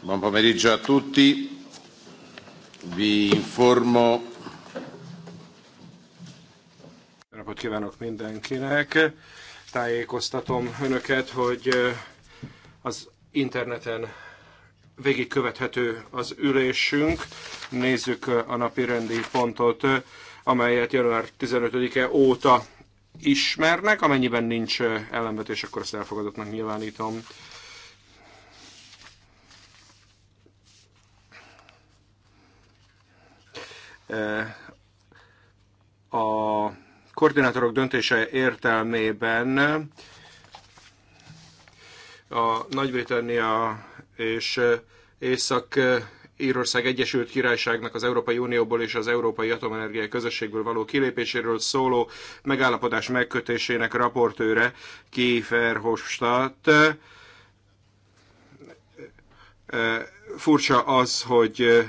Buon pomeriggio a tutti. Vi informo. Napot kívánok mindenkinek. Tájékoztatom önöket, hogy az interneten végigkövethető az ülésünk. Nézzük a napi rendi pontot, amelyet január 15-e óta ismernek. Amennyiben nincs ellenvetés, akkor ezt elfogadottnak nyilvánítom. A koordinátorok döntése értelmében a Nagy-Britannia és Észak Írország Egyesült Királyságnak az Európai Unióból és az Európai Atomenergiai Közösségből való kilépéséről szóló megállapodás megkötésének raportőre Kiefer Hofstadt. Furcsa az, hogy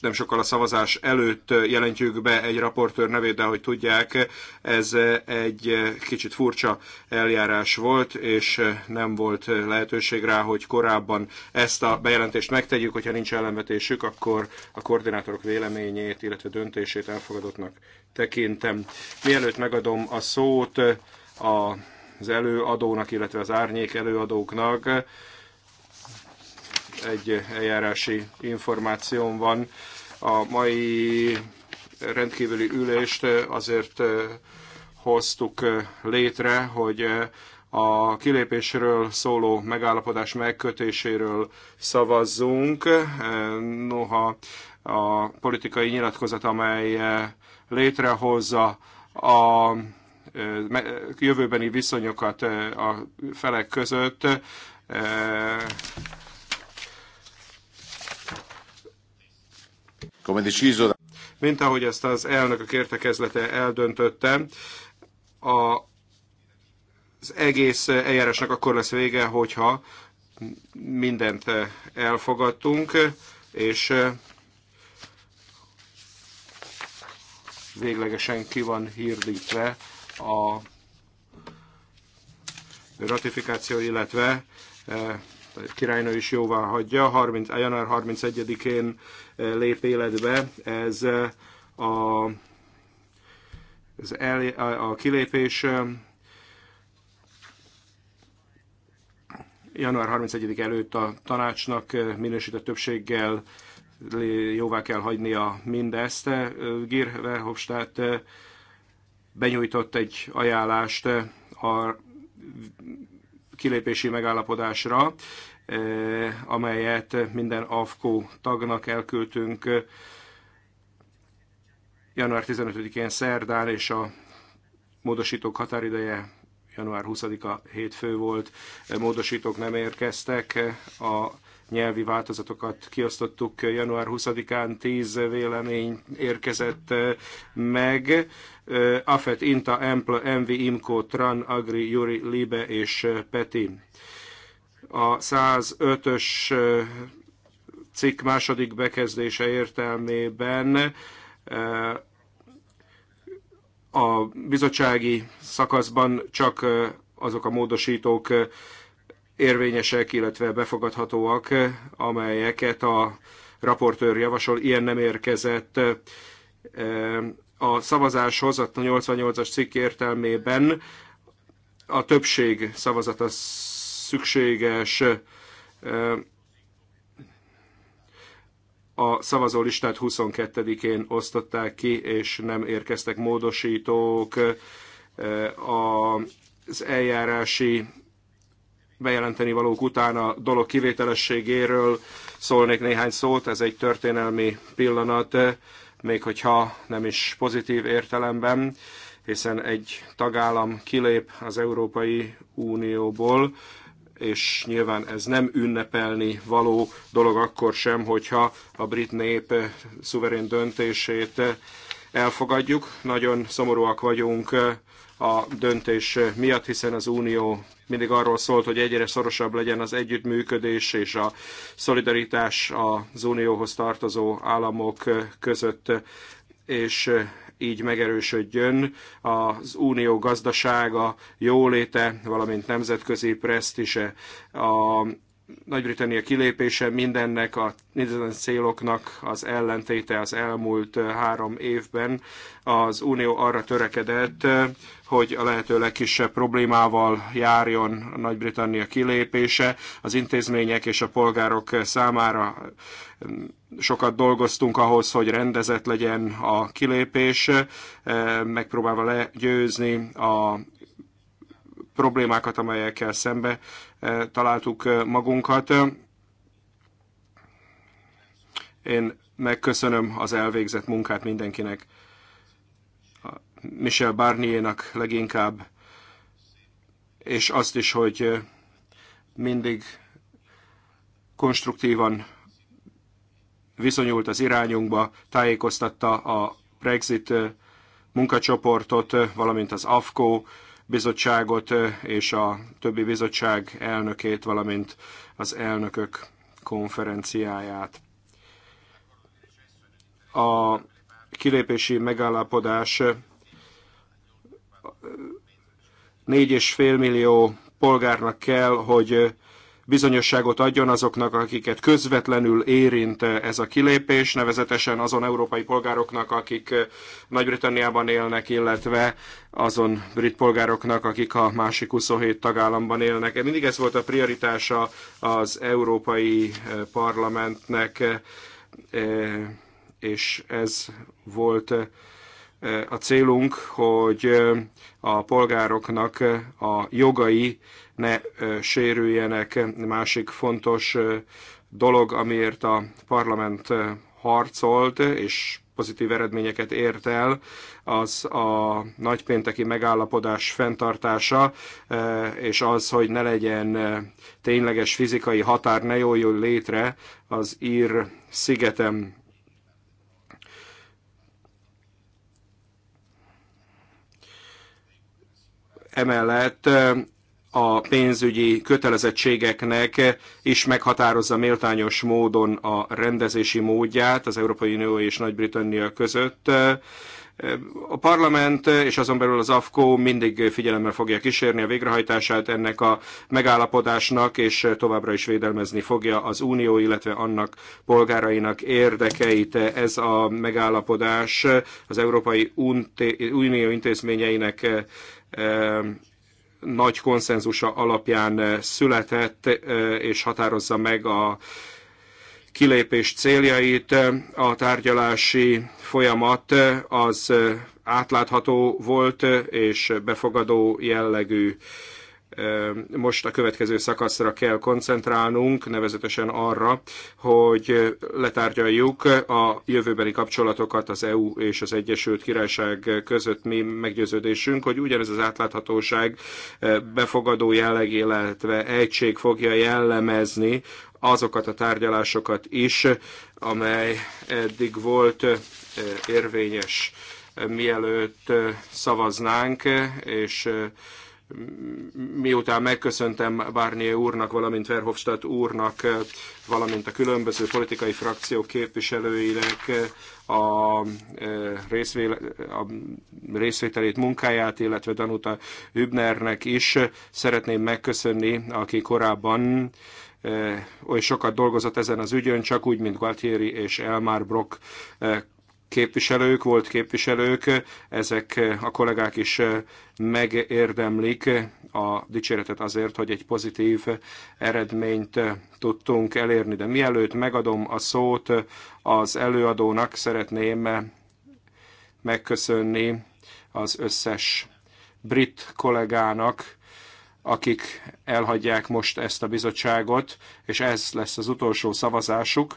nem sokkal a szavazás előtt jelentjük be egy raportőr nevét, de ahogy tudják, ez egy kicsit furcsa eljárás volt, és nem volt lehetőség rá, hogy korábban ezt a bejelentést megtegyük, hogyha nincs ellenvetésük, akkor a koordinátorok véleményét, illetve döntését elfogadottnak tekintem. Mielőtt megadom a szót a az előadónak, illetve az árnyék előadóknak, egy eljárási információm van. A mai rendkívüli ülést azért hoztuk létre, hogy a kilépésről szóló megállapodás megkötéséről szavazzunk. Noha a politikai nyilatkozat, amely létrehozza a jövőbeni viszonyokat a felek között, Mint ahogy ezt az elnökök értekezlete eldöntötte, a, az egész eljárásnak akkor lesz vége, hogyha mindent elfogadtunk, és véglegesen ki van hirdítve a ratifikáció, illetve a királynő is jóvá hagyja. 30, január 31-én lép életbe, ez a, ez el, a, a kilépés január 31 előtt a tanácsnak minősített többséggel jóvá kell hagynia mindezt. Gír Verhofstadt benyújtott egy ajánlást a kilépési megállapodásra, eh, amelyet minden AFKO tagnak elküldtünk eh, január 15-én szerdán, és a módosítók határideje január 20-a hétfő volt, eh, módosítók nem érkeztek, a nyelvi változatokat kiosztottuk január 20-án, 10 vélemény érkezett eh, meg. Eh, Afet, Inta, Emple, Envi, Imko, Tran, Agri, Juri, Libe és eh, Peti. A 105-ös cikk második bekezdése értelmében a bizottsági szakaszban csak azok a módosítók érvényesek, illetve befogadhatóak, amelyeket a raportőr javasol. Ilyen nem érkezett a szavazáshoz, a 88-as cikk értelmében a többség szavazata szükséges a szavazólistát 22-én osztották ki, és nem érkeztek módosítók az eljárási bejelenteni valók után a dolog kivételességéről szólnék néhány szót. Ez egy történelmi pillanat, még hogyha nem is pozitív értelemben, hiszen egy tagállam kilép az Európai Unióból, és nyilván ez nem ünnepelni való dolog akkor sem, hogyha a brit nép szuverén döntését elfogadjuk. Nagyon szomorúak vagyunk a döntés miatt, hiszen az Unió mindig arról szólt, hogy egyre szorosabb legyen az együttműködés és a szolidaritás az unióhoz tartozó államok között, és így megerősödjön az unió gazdasága, jóléte, valamint nemzetközi presztise. A nagy-Britannia kilépése mindennek a minden céloknak az ellentéte az elmúlt három évben. Az Unió arra törekedett, hogy a lehető legkisebb problémával járjon a Nagy-Britannia kilépése. Az intézmények és a polgárok számára sokat dolgoztunk ahhoz, hogy rendezett legyen a kilépés, megpróbálva legyőzni a problémákat, amelyekkel szembe eh, találtuk eh, magunkat. Én megköszönöm az elvégzett munkát mindenkinek, Michel Barniernak leginkább, és azt is, hogy eh, mindig konstruktívan viszonyult az irányunkba, tájékoztatta a Brexit munkacsoportot, valamint az AFCO bizottságot és a többi bizottság elnökét, valamint az elnökök konferenciáját. A kilépési megállapodás 4,5 millió polgárnak kell, hogy bizonyosságot adjon azoknak, akiket közvetlenül érint ez a kilépés, nevezetesen azon európai polgároknak, akik Nagy-Britanniában élnek, illetve azon brit polgároknak, akik a másik 27 tagállamban élnek. Mindig ez volt a prioritása az Európai eh, Parlamentnek, eh, és ez volt eh, a célunk, hogy a polgároknak a jogai ne sérüljenek. Másik fontos dolog, amiért a parlament harcolt, és pozitív eredményeket ért el, az a nagypénteki megállapodás fenntartása, és az, hogy ne legyen tényleges fizikai határ, ne jóljon létre az ír szigetem. emellett a pénzügyi kötelezettségeknek is meghatározza méltányos módon a rendezési módját az Európai Unió és Nagy-Britannia között. A parlament és azon belül az AFKO mindig figyelemmel fogja kísérni a végrehajtását ennek a megállapodásnak, és továbbra is védelmezni fogja az Unió, illetve annak polgárainak érdekeit. Ez a megállapodás az Európai Unió intézményeinek nagy konszenzusa alapján eh, született, eh, és határozza meg a kilépés céljait. A tárgyalási folyamat eh, az átlátható volt és befogadó jellegű most a következő szakaszra kell koncentrálnunk, nevezetesen arra, hogy letárgyaljuk a jövőbeni kapcsolatokat az EU és az Egyesült Királyság között mi meggyőződésünk, hogy ugyanez az átláthatóság befogadó jelleg, illetve egység fogja jellemezni azokat a tárgyalásokat is, amely eddig volt eh, érvényes mielőtt eh, szavaznánk, és eh, miután megköszöntem Barnier úrnak, valamint Verhofstadt úrnak, valamint a különböző politikai frakciók képviselőinek a, e, a részvételét, munkáját, illetve Danuta Hübnernek is szeretném megköszönni, aki korábban e, oly sokat dolgozott ezen az ügyön, csak úgy, mint Gualtieri és Elmar Brock e, képviselők, volt képviselők, ezek a kollégák is eh, megérdemlik a dicséretet azért, hogy egy pozitív eredményt eh, tudtunk elérni. De mielőtt megadom a szót eh, az előadónak, szeretném megköszönni az összes brit kollégának, akik elhagyják most ezt a bizottságot, és ez lesz az utolsó szavazásuk.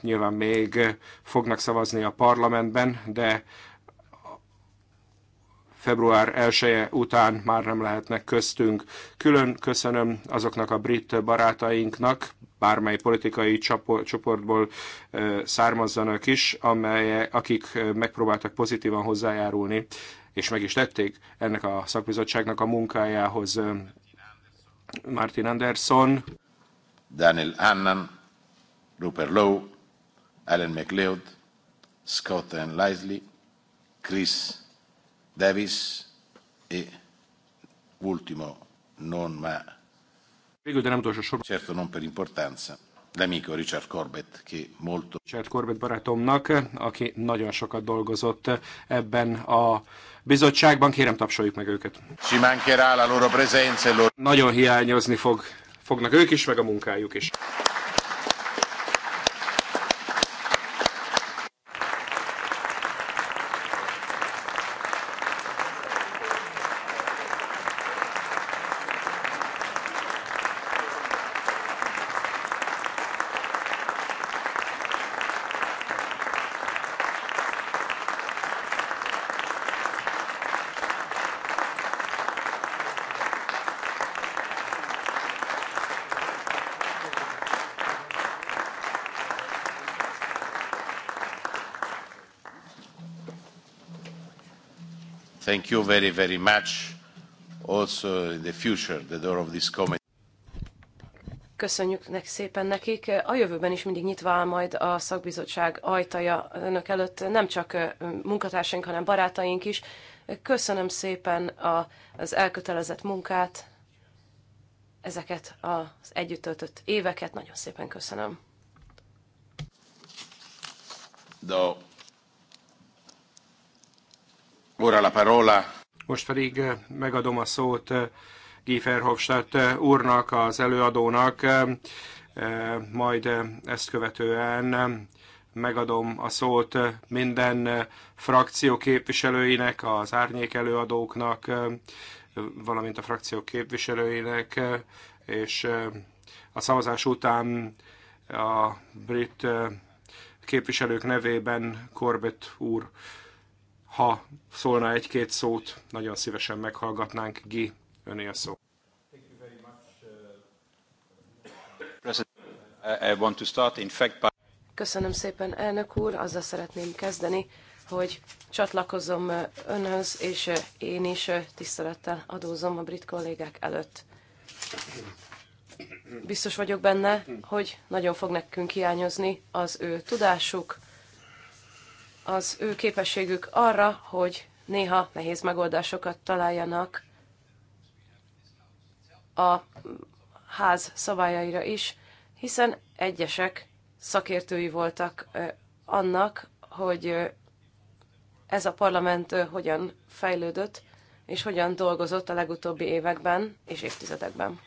Nyilván még fognak szavazni a parlamentben, de február 1 -e után már nem lehetnek köztünk. Külön köszönöm azoknak a brit barátainknak, bármely politikai csoportból származzanak is, amelyek, akik megpróbáltak pozitívan hozzájárulni és meg is tették ennek a szakbizottságnak a munkájához Martin Anderson, Daniel Annan, Rupert Lowe, Alan McLeod, Scott and Leslie, Chris Davis e ultimo non ma Végül, de nem utolsó sorban. Certo non per importanza, D'Amico Richard Corbett, ki molto... Richard Corbett barátomnak, aki nagyon sokat dolgozott ebben a bizottságban. Kérem, tapsoljuk meg őket. Ci mancherà la loro presenza. E loro... Nagyon hiányozni fog, fognak ők is, meg a munkájuk is. you very, very much. Also in the future, the door of this committee. Köszönjük nek szépen nekik. A jövőben is mindig nyitva áll majd a szakbizottság ajtaja önök előtt, nem csak munkatársaink, hanem barátaink is. Köszönöm szépen a, az elkötelezett munkát, ezeket az együtt töltött éveket. Nagyon szépen köszönöm. No ora la parola. Most pedig eh, megadom a szót eh, Guy Verhofstadt eh, úrnak, az előadónak, majd ezt követően megadom a szót minden frakció képviselőinek, az árnyék előadóknak, valamint a frakció képviselőinek, és a szavazás után a brit képviselők nevében Corbett úr ha szólna egy-két szót, nagyon szívesen meghallgatnánk. Gi, öné a szó. Köszönöm szépen, elnök úr. Azzal szeretném kezdeni, hogy csatlakozom önhöz, és én is tisztelettel adózom a brit kollégák előtt. Biztos vagyok benne, hogy nagyon fog nekünk hiányozni az ő tudásuk, az ő képességük arra, hogy néha nehéz megoldásokat találjanak a ház szabályaira is, hiszen egyesek szakértői voltak annak, hogy ez a parlament hogyan fejlődött, és hogyan dolgozott a legutóbbi években és évtizedekben.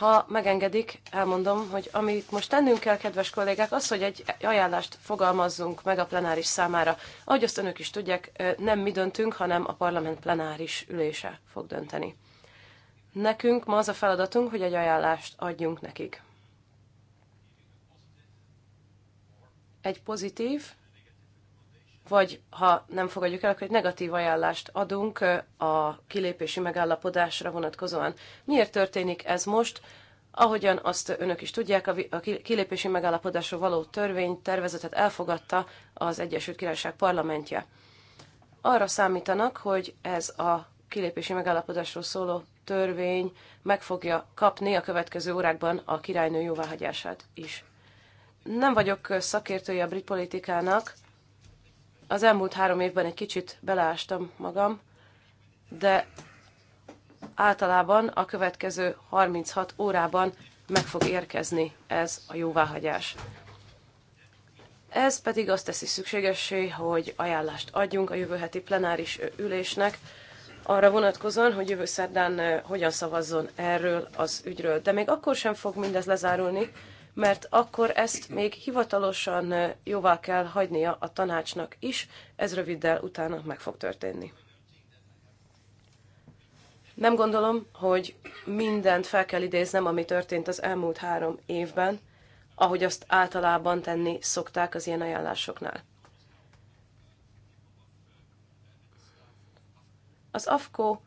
Ha megengedik, elmondom, hogy amit most tennünk kell, kedves kollégák, az, hogy egy ajánlást fogalmazzunk meg a plenáris számára. Ahogy azt önök is tudják, nem mi döntünk, hanem a parlament plenáris ülése fog dönteni. Nekünk ma az a feladatunk, hogy egy ajánlást adjunk nekik. Egy pozitív vagy ha nem fogadjuk el, akkor egy negatív ajánlást adunk a kilépési megállapodásra vonatkozóan. Miért történik ez most? Ahogyan azt önök is tudják, a kilépési megállapodásról való tervezetet elfogadta az Egyesült Királyság parlamentje. Arra számítanak, hogy ez a kilépési megállapodásról szóló törvény meg fogja kapni a következő órákban a királynő jóváhagyását is. Nem vagyok szakértője a brit politikának, az elmúlt három évben egy kicsit beleástam magam, de általában a következő 36 órában meg fog érkezni ez a jóváhagyás. Ez pedig azt teszi szükségessé, hogy ajánlást adjunk a jövő heti plenáris ülésnek, arra vonatkozóan, hogy jövő szerdán eh, hogyan szavazzon erről az ügyről. De még akkor sem fog mindez lezárulni, mert akkor ezt még hivatalosan jóvá kell hagynia a tanácsnak is, ez röviddel utána meg fog történni. Nem gondolom, hogy mindent fel kell idéznem, ami történt az elmúlt három évben, ahogy azt általában tenni szokták az ilyen ajánlásoknál. Az AFKO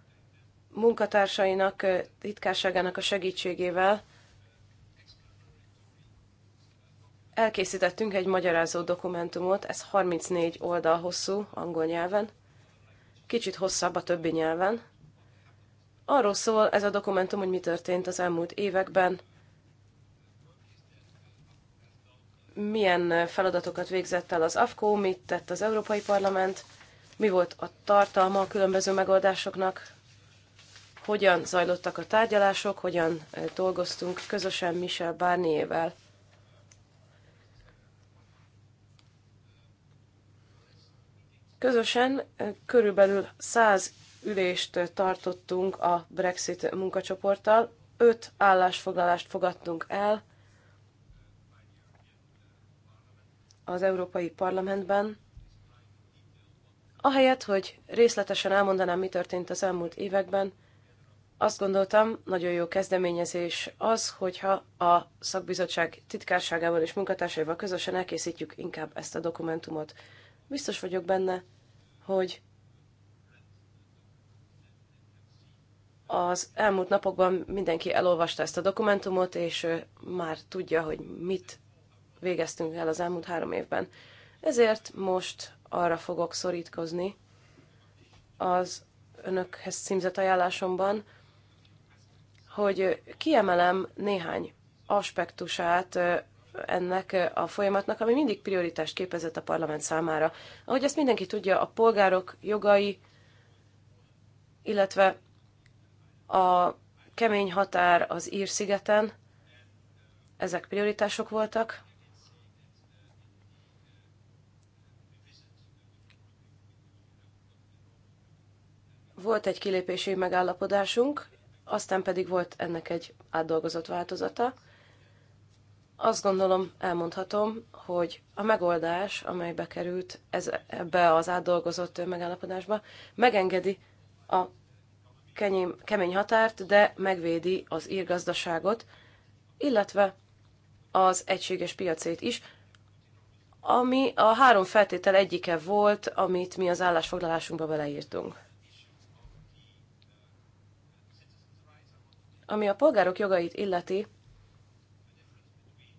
munkatársainak, titkárságának a segítségével Elkészítettünk egy magyarázó dokumentumot, ez 34 oldal hosszú angol nyelven, kicsit hosszabb a többi nyelven. Arról szól ez a dokumentum, hogy mi történt az elmúlt években, milyen feladatokat végzett el az AFKO, mit tett az Európai Parlament, mi volt a tartalma a különböző megoldásoknak, hogyan zajlottak a tárgyalások, hogyan eh, dolgoztunk közösen Michel Barnier-vel. Közösen körülbelül 100 ülést tartottunk a Brexit munkacsoporttal, 5 állásfoglalást fogadtunk el az Európai Parlamentben, Ahelyett, hogy részletesen elmondanám, mi történt az elmúlt években, azt gondoltam, nagyon jó kezdeményezés az, hogyha a szakbizottság titkárságával és munkatársaival közösen elkészítjük inkább ezt a dokumentumot. Biztos vagyok benne, hogy az elmúlt napokban mindenki elolvasta ezt a dokumentumot, és már tudja, hogy mit végeztünk el az elmúlt három évben. Ezért most arra fogok szorítkozni az önökhez címzett ajánlásomban, hogy kiemelem néhány aspektusát ennek a folyamatnak, ami mindig prioritást képezett a parlament számára. Ahogy ezt mindenki tudja, a polgárok jogai, illetve a kemény határ az Ír-szigeten, ezek prioritások voltak. Volt egy kilépési megállapodásunk, aztán pedig volt ennek egy átdolgozott változata azt gondolom, elmondhatom, hogy a megoldás, amely bekerült ez, ebbe az átdolgozott megállapodásba, megengedi a kenyém, kemény határt, de megvédi az írgazdaságot, illetve az egységes piacét is, ami a három feltétel egyike volt, amit mi az állásfoglalásunkba beleírtunk. Ami a polgárok jogait illeti,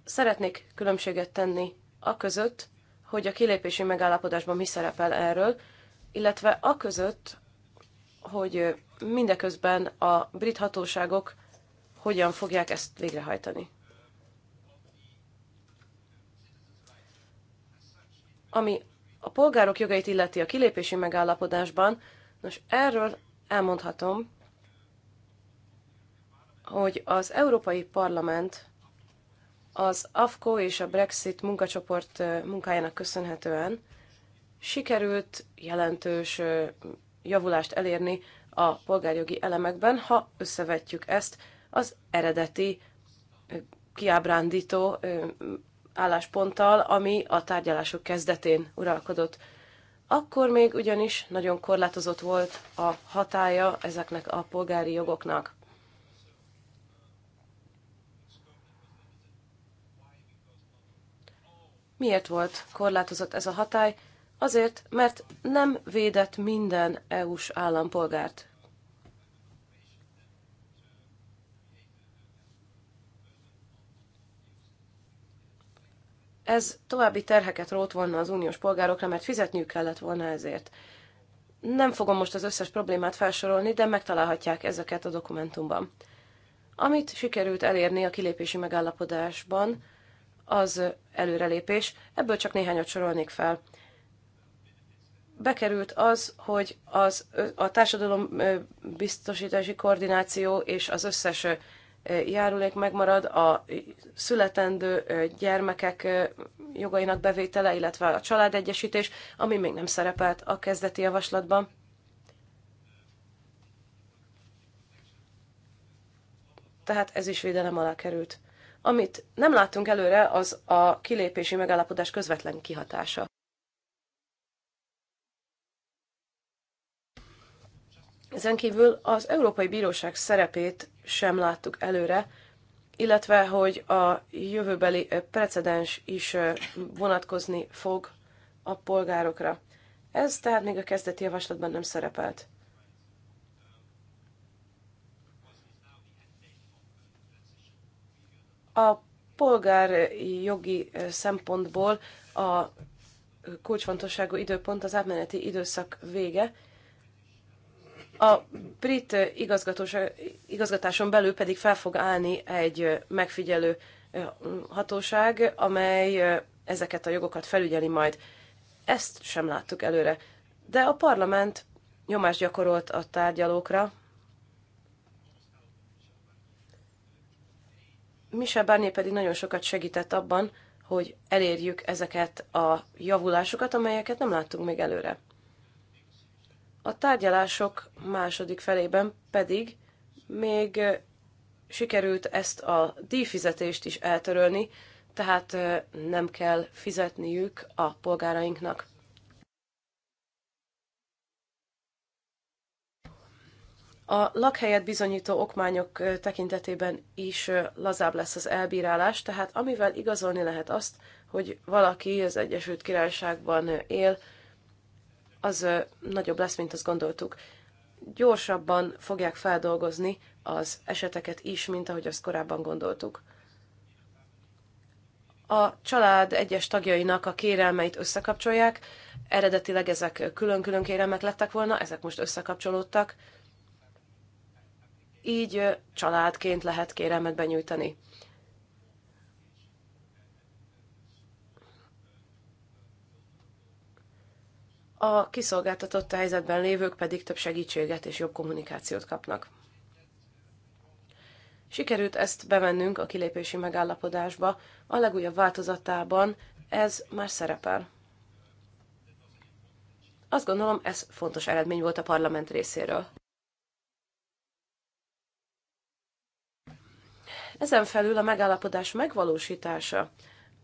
Szeretnék különbséget tenni a között, hogy a kilépési megállapodásban mi szerepel erről, illetve a között, hogy mindeközben a brit hatóságok hogyan fogják ezt végrehajtani. Ami a polgárok jogait illeti a kilépési megállapodásban, nos erről elmondhatom, hogy az Európai Parlament az AFCO és a Brexit munkacsoport munkájának köszönhetően sikerült jelentős javulást elérni a polgárjogi elemekben, ha összevetjük ezt az eredeti kiábrándító állásponttal, ami a tárgyalások kezdetén uralkodott. Akkor még ugyanis nagyon korlátozott volt a hatája ezeknek a polgári jogoknak. Miért volt korlátozott ez a hatály? Azért, mert nem védett minden EU-s állampolgárt. Ez további terheket rót volna az uniós polgárokra, mert fizetniük kellett volna ezért. Nem fogom most az összes problémát felsorolni, de megtalálhatják ezeket a dokumentumban. Amit sikerült elérni a kilépési megállapodásban, az előrelépés. Ebből csak néhányat sorolnék fel. Bekerült az, hogy az, a társadalom biztosítási koordináció és az összes járulék megmarad, a születendő gyermekek jogainak bevétele, illetve a családegyesítés, ami még nem szerepelt a kezdeti javaslatban. Tehát ez is védelem alá került. Amit nem láttunk előre, az a kilépési megállapodás közvetlen kihatása. Ezen kívül az Európai Bíróság szerepét sem láttuk előre, illetve hogy a jövőbeli precedens is vonatkozni fog a polgárokra. Ez tehát még a kezdeti javaslatban nem szerepelt. A polgári jogi szempontból a kulcsfontosságú időpont az átmeneti időszak vége, a brit igazgatáson belül pedig fel fog állni egy megfigyelő hatóság, amely ezeket a jogokat felügyeli majd. Ezt sem láttuk előre. De a parlament nyomást gyakorolt a tárgyalókra, Michel Barnier pedig nagyon sokat segített abban, hogy elérjük ezeket a javulásokat, amelyeket nem láttunk még előre. A tárgyalások második felében pedig még sikerült ezt a díjfizetést is eltörölni, tehát nem kell fizetniük a polgárainknak. A lakhelyet bizonyító okmányok tekintetében is lazább lesz az elbírálás, tehát amivel igazolni lehet azt, hogy valaki az Egyesült Királyságban él, az nagyobb lesz, mint azt gondoltuk. Gyorsabban fogják feldolgozni az eseteket is, mint ahogy azt korábban gondoltuk. A család egyes tagjainak a kérelmeit összekapcsolják, eredetileg ezek külön-külön kérelmek lettek volna, ezek most összekapcsolódtak, így családként lehet kérelmet benyújtani. A kiszolgáltatott helyzetben lévők pedig több segítséget és jobb kommunikációt kapnak. Sikerült ezt bevennünk a kilépési megállapodásba, a legújabb változatában ez már szerepel. Azt gondolom, ez fontos eredmény volt a parlament részéről. Ezen felül a megállapodás megvalósítása.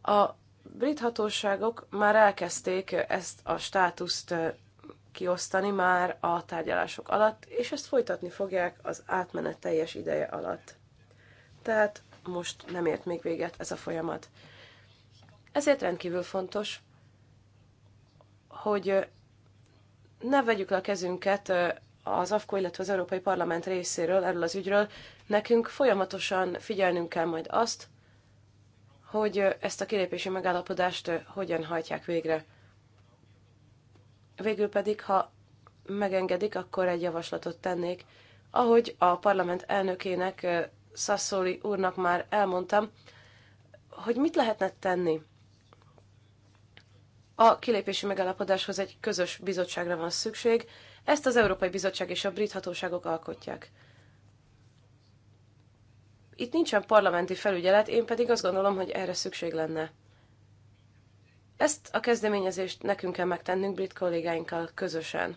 A brit hatóságok már elkezdték ezt a státuszt kiosztani már a tárgyalások alatt, és ezt folytatni fogják az átmenet teljes ideje alatt. Tehát most nem ért még véget ez a folyamat. Ezért rendkívül fontos, hogy ne vegyük le a kezünket az AFKO, illetve az Európai Parlament részéről erről az ügyről, nekünk folyamatosan figyelnünk kell majd azt, hogy ezt a kilépési megállapodást hogyan hajtják végre. Végül pedig, ha megengedik, akkor egy javaslatot tennék. Ahogy a parlament elnökének, eh, Sassoli úrnak már elmondtam, hogy mit lehetne tenni. A kilépési megállapodáshoz egy közös bizottságra van szükség, ezt az Európai Bizottság és a brit hatóságok alkotják. Itt nincsen parlamenti felügyelet, én pedig azt gondolom, hogy erre szükség lenne. Ezt a kezdeményezést nekünk kell megtennünk brit kollégáinkkal közösen.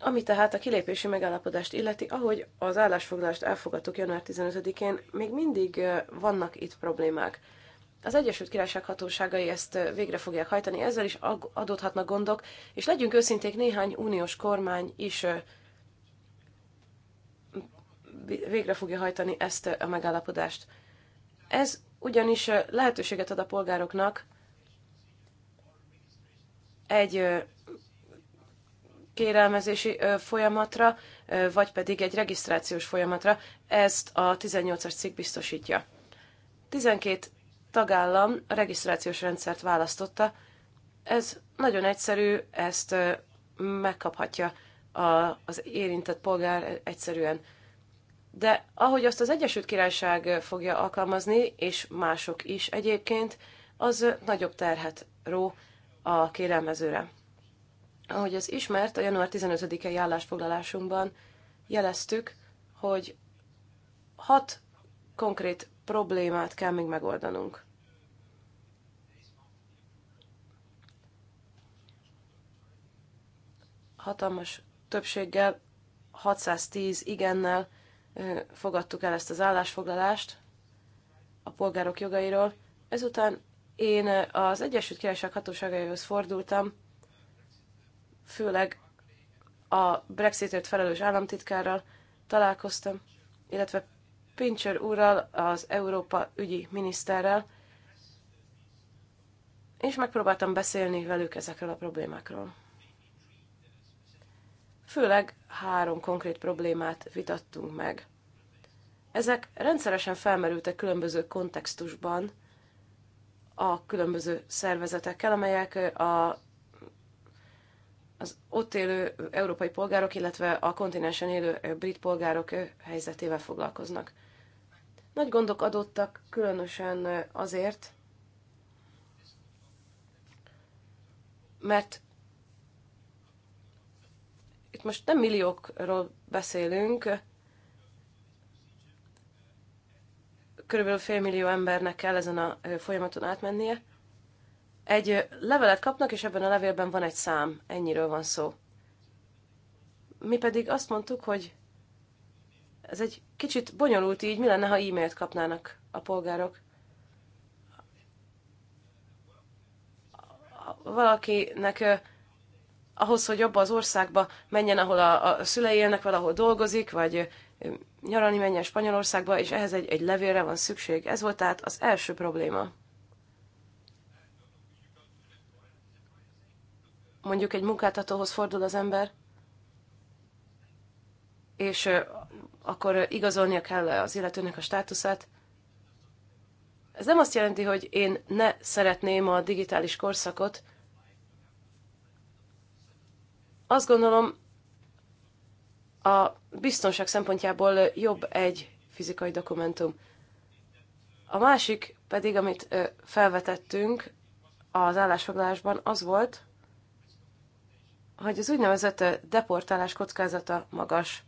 Ami tehát a kilépési megállapodást illeti, ahogy az állásfoglalást elfogadtuk január 15-én, még mindig vannak itt problémák. Az Egyesült Királyság hatóságai ezt végre fogják hajtani, ezzel is adódhatnak gondok, és legyünk őszinték, néhány uniós kormány is végre fogja hajtani ezt a megállapodást. Ez ugyanis lehetőséget ad a polgároknak egy kérelmezési folyamatra, vagy pedig egy regisztrációs folyamatra. Ezt a 18-as cikk biztosítja. 12 tagállam a regisztrációs rendszert választotta. Ez nagyon egyszerű, ezt megkaphatja az érintett polgár egyszerűen. De ahogy azt az Egyesült Királyság fogja alkalmazni, és mások is egyébként, az nagyobb terhet ró a kérelmezőre. Ahogy ez ismert, a január 15-i állásfoglalásunkban jeleztük, hogy hat konkrét problémát kell még megoldanunk. hatalmas többséggel, 610 igennel fogadtuk el ezt az állásfoglalást a polgárok jogairól. Ezután én az Egyesült Királyság hatóságaihoz fordultam, főleg a Brexitért felelős államtitkárral találkoztam, illetve Pincher úrral, az Európa ügyi miniszterrel, és megpróbáltam beszélni velük ezekről a problémákról. Főleg három konkrét problémát vitattunk meg. Ezek rendszeresen felmerültek különböző kontextusban a különböző szervezetekkel, amelyek a, az ott élő európai polgárok, illetve a kontinensen élő brit polgárok helyzetével foglalkoznak. Nagy gondok adottak különösen azért, mert itt most nem milliókról beszélünk, körülbelül félmillió embernek kell ezen a folyamaton átmennie. Egy levelet kapnak, és ebben a levélben van egy szám, ennyiről van szó. Mi pedig azt mondtuk, hogy ez egy kicsit bonyolult így, mi lenne, ha e-mailt kapnának a polgárok. Valakinek ahhoz, hogy abba az országba menjen, ahol a, a szülei élnek, valahol dolgozik, vagy nyaralni menjen Spanyolországba, és ehhez egy, egy levélre van szükség. Ez volt tehát az első probléma. Mondjuk egy munkáltatóhoz fordul az ember, és akkor igazolnia kell az illetőnek a státuszát. Ez nem azt jelenti, hogy én ne szeretném a digitális korszakot, azt gondolom, a biztonság szempontjából jobb egy fizikai dokumentum. A másik pedig, amit felvetettünk az állásfoglalásban, az volt, hogy az úgynevezett deportálás kockázata magas.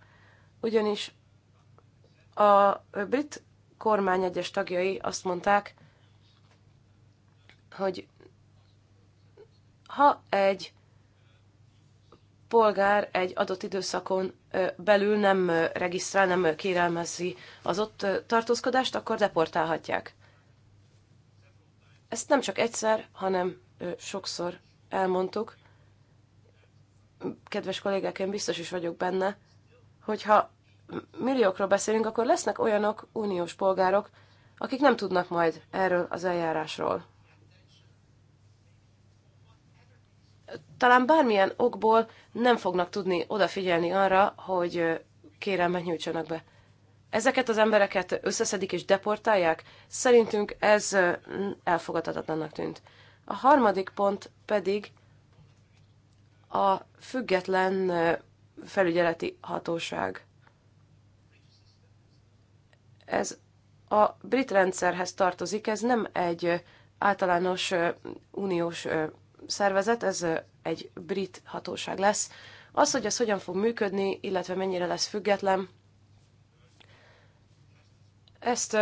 Ugyanis a brit kormány egyes tagjai azt mondták, hogy ha egy polgár egy adott időszakon belül nem regisztrál, nem kérelmezi az ott tartózkodást, akkor deportálhatják. Ezt nem csak egyszer, hanem sokszor elmondtuk. Kedves kollégák, én biztos is vagyok benne, hogyha milliókról beszélünk, akkor lesznek olyanok uniós polgárok, akik nem tudnak majd erről az eljárásról. talán bármilyen okból nem fognak tudni odafigyelni arra, hogy kérem, megnyújtsanak be. Ezeket az embereket összeszedik és deportálják? Szerintünk ez elfogadhatatlannak tűnt. A harmadik pont pedig a független felügyeleti hatóság. Ez a brit rendszerhez tartozik, ez nem egy általános uniós szervezet, ez egy brit hatóság lesz. Az, hogy ez hogyan fog működni, illetve mennyire lesz független, ezt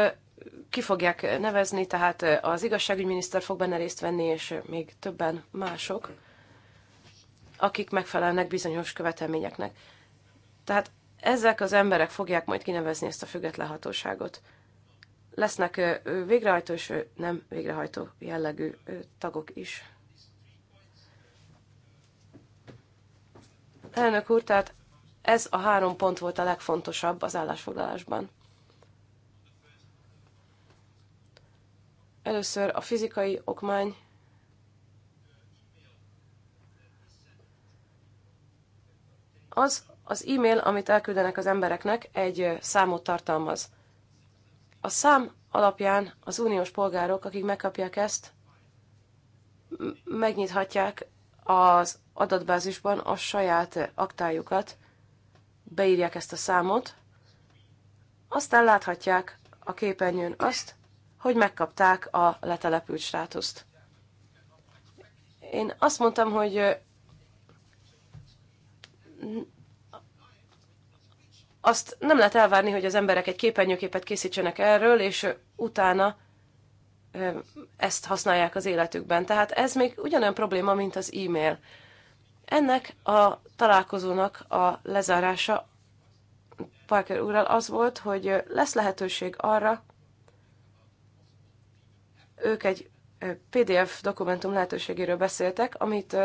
ki fogják nevezni, tehát az igazságügyminiszter fog benne részt venni, és még többen mások, akik megfelelnek bizonyos követelményeknek. Tehát ezek az emberek fogják majd kinevezni ezt a független hatóságot. Lesznek végrehajtó és nem végrehajtó jellegű tagok is. Elnök úr, tehát ez a három pont volt a legfontosabb az állásfoglalásban. Először a fizikai okmány, az az e-mail, amit elküldenek az embereknek, egy számot tartalmaz. A szám alapján az uniós polgárok, akik megkapják ezt, megnyithatják az adatbázisban a saját aktájukat, beírják ezt a számot, aztán láthatják a képernyőn azt, hogy megkapták a letelepült státuszt. Én azt mondtam, hogy azt nem lehet elvárni, hogy az emberek egy képernyőképet készítsenek erről, és utána ezt használják az életükben. Tehát ez még ugyanolyan probléma, mint az e-mail. Ennek a találkozónak a lezárása Parker úrral az volt, hogy lesz lehetőség arra, ők egy PDF dokumentum lehetőségéről beszéltek, amit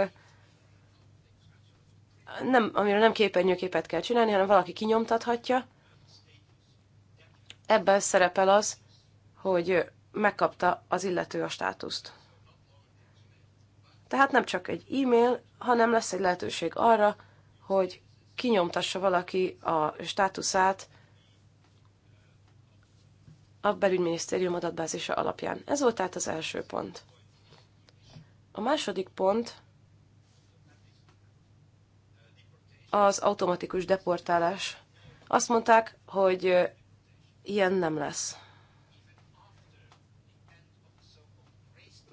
nem, amiről nem képernyőképet kell csinálni, hanem valaki kinyomtathatja. Ebben szerepel az, hogy megkapta az illető a státuszt. Tehát nem csak egy e-mail, hanem lesz egy lehetőség arra, hogy kinyomtassa valaki a státuszát a belügyminisztérium adatbázisa alapján. Ez volt tehát az első pont. A második pont az automatikus deportálás. Azt mondták, hogy ilyen nem lesz.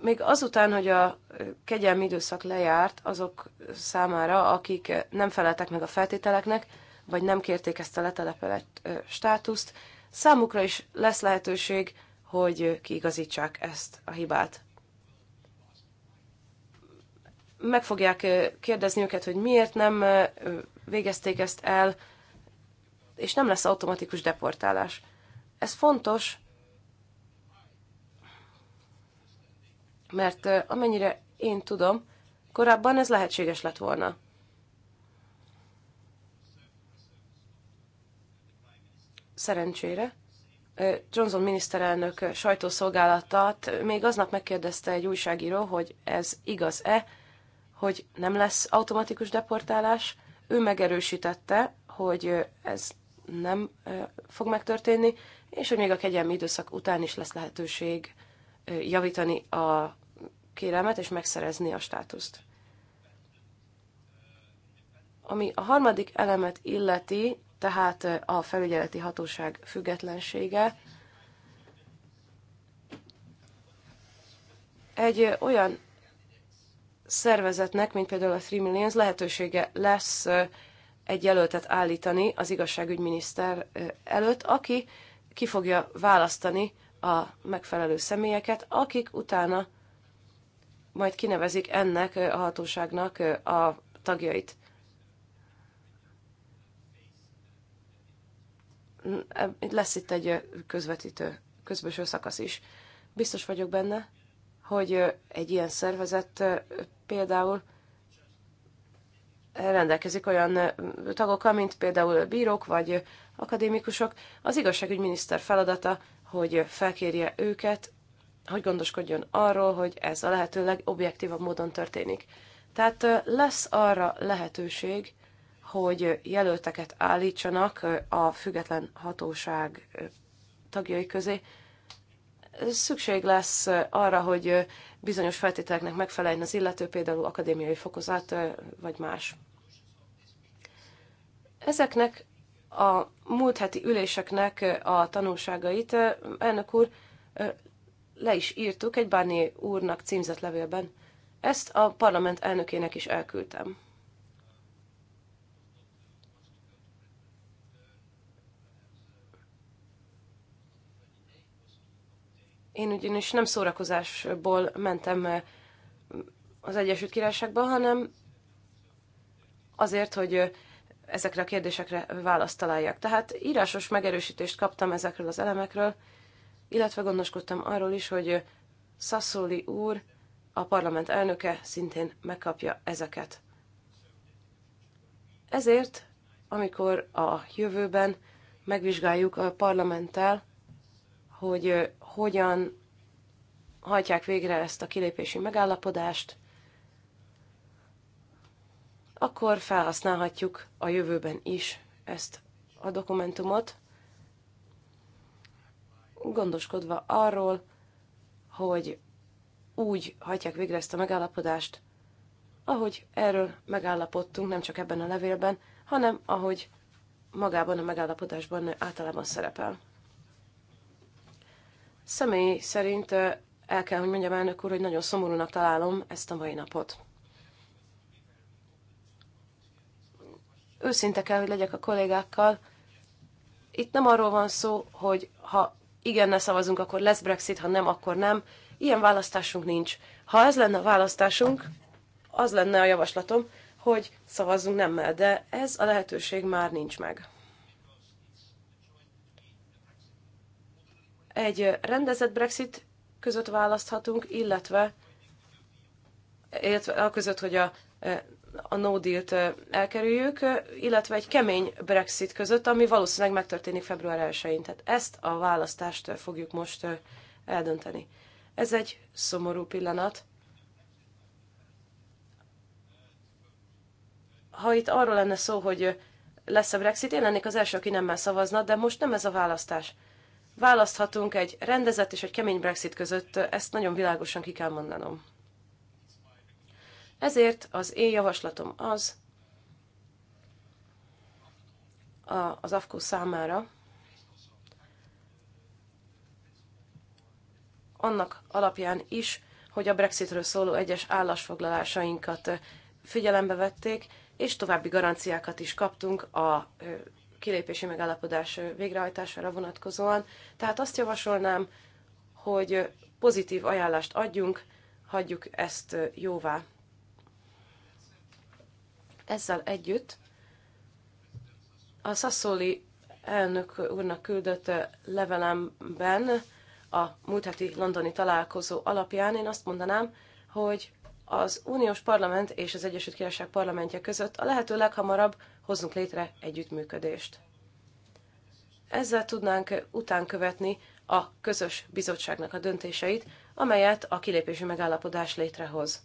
még azután, hogy a kegyelmi időszak lejárt, azok számára, akik nem feleltek meg a feltételeknek, vagy nem kérték ezt a letelepelett státuszt, számukra is lesz lehetőség, hogy kiigazítsák ezt a hibát. Meg fogják kérdezni őket, hogy miért nem végezték ezt el, és nem lesz automatikus deportálás. Ez fontos, Mert amennyire én tudom, korábban ez lehetséges lett volna. Szerencsére. Johnson miniszterelnök sajtószolgálatát még aznap megkérdezte egy újságíró, hogy ez igaz-e, hogy nem lesz automatikus deportálás. Ő megerősítette, hogy ez nem fog megtörténni, és hogy még a kegyelmi időszak után is lesz lehetőség javítani a kérelmet és megszerezni a státuszt. Ami a harmadik elemet illeti, tehát a felügyeleti hatóság függetlensége, egy olyan szervezetnek, mint például a Three Millions lehetősége lesz egy jelöltet állítani az igazságügyminiszter előtt, aki ki fogja választani a megfelelő személyeket, akik utána majd kinevezik ennek a hatóságnak a tagjait. Lesz itt egy közvetítő, közböső szakasz is. Biztos vagyok benne, hogy egy ilyen szervezet például rendelkezik olyan tagokkal, mint például bírók vagy akadémikusok. Az igazságügyminiszter feladata hogy felkérje őket, hogy gondoskodjon arról, hogy ez a lehető legobjektívabb módon történik. Tehát lesz arra lehetőség, hogy jelölteket állítsanak a független hatóság tagjai közé. Szükség lesz arra, hogy bizonyos feltételeknek megfeleljen az illető, például akadémiai fokozat vagy más. Ezeknek a múlt heti üléseknek a tanulságait, elnök úr, le is írtuk egy Barnier úrnak címzett levélben. Ezt a parlament elnökének is elküldtem. Én ugyanis nem szórakozásból mentem az Egyesült Királyságba, hanem azért, hogy ezekre a kérdésekre választ találjak. Tehát írásos megerősítést kaptam ezekről az elemekről, illetve gondoskodtam arról is, hogy Szaszóli úr, a parlament elnöke szintén megkapja ezeket. Ezért, amikor a jövőben megvizsgáljuk a parlamenttel, hogy hogyan hajtják végre ezt a kilépési megállapodást, akkor felhasználhatjuk a jövőben is ezt a dokumentumot, gondoskodva arról, hogy úgy hagyják végre ezt a megállapodást, ahogy erről megállapodtunk, nem csak ebben a levélben, hanem ahogy magában a megállapodásban általában szerepel. Személy szerint eh, el kell, hogy mondjam elnök úr, hogy nagyon szomorúnak találom ezt a mai napot. őszinte kell, hogy legyek a kollégákkal. Itt nem arról van szó, hogy ha igen, ne szavazunk, akkor lesz Brexit, ha nem, akkor nem. Ilyen választásunk nincs. Ha ez lenne a választásunk, az lenne a javaslatom, hogy szavazzunk nemmel, de ez a lehetőség már nincs meg. Egy rendezett Brexit között választhatunk, illetve, illetve a között, hogy a a no deal t elkerüljük, illetve egy kemény Brexit között, ami valószínűleg megtörténik február 1-én. Tehát ezt a választást fogjuk most eldönteni. Ez egy szomorú pillanat. Ha itt arról lenne szó, hogy lesz a Brexit, én lennék az első, aki már szavazna, de most nem ez a választás. Választhatunk egy rendezett és egy kemény Brexit között, ezt nagyon világosan ki kell mondanom. Ezért az én javaslatom az a, az AFKO számára, annak alapján is, hogy a Brexitről szóló egyes állásfoglalásainkat figyelembe vették, és további garanciákat is kaptunk a kilépési megállapodás végrehajtására vonatkozóan. Tehát azt javasolnám, hogy pozitív ajánlást adjunk, hagyjuk ezt jóvá. Ezzel együtt a Szaszoli elnök úrnak küldött levelemben a múlt heti londoni találkozó alapján én azt mondanám, hogy az Uniós Parlament és az Egyesült Királyság parlamentje között a lehető leghamarabb hozzunk létre együttműködést. Ezzel tudnánk utánkövetni a közös bizottságnak a döntéseit, amelyet a kilépési megállapodás létrehoz.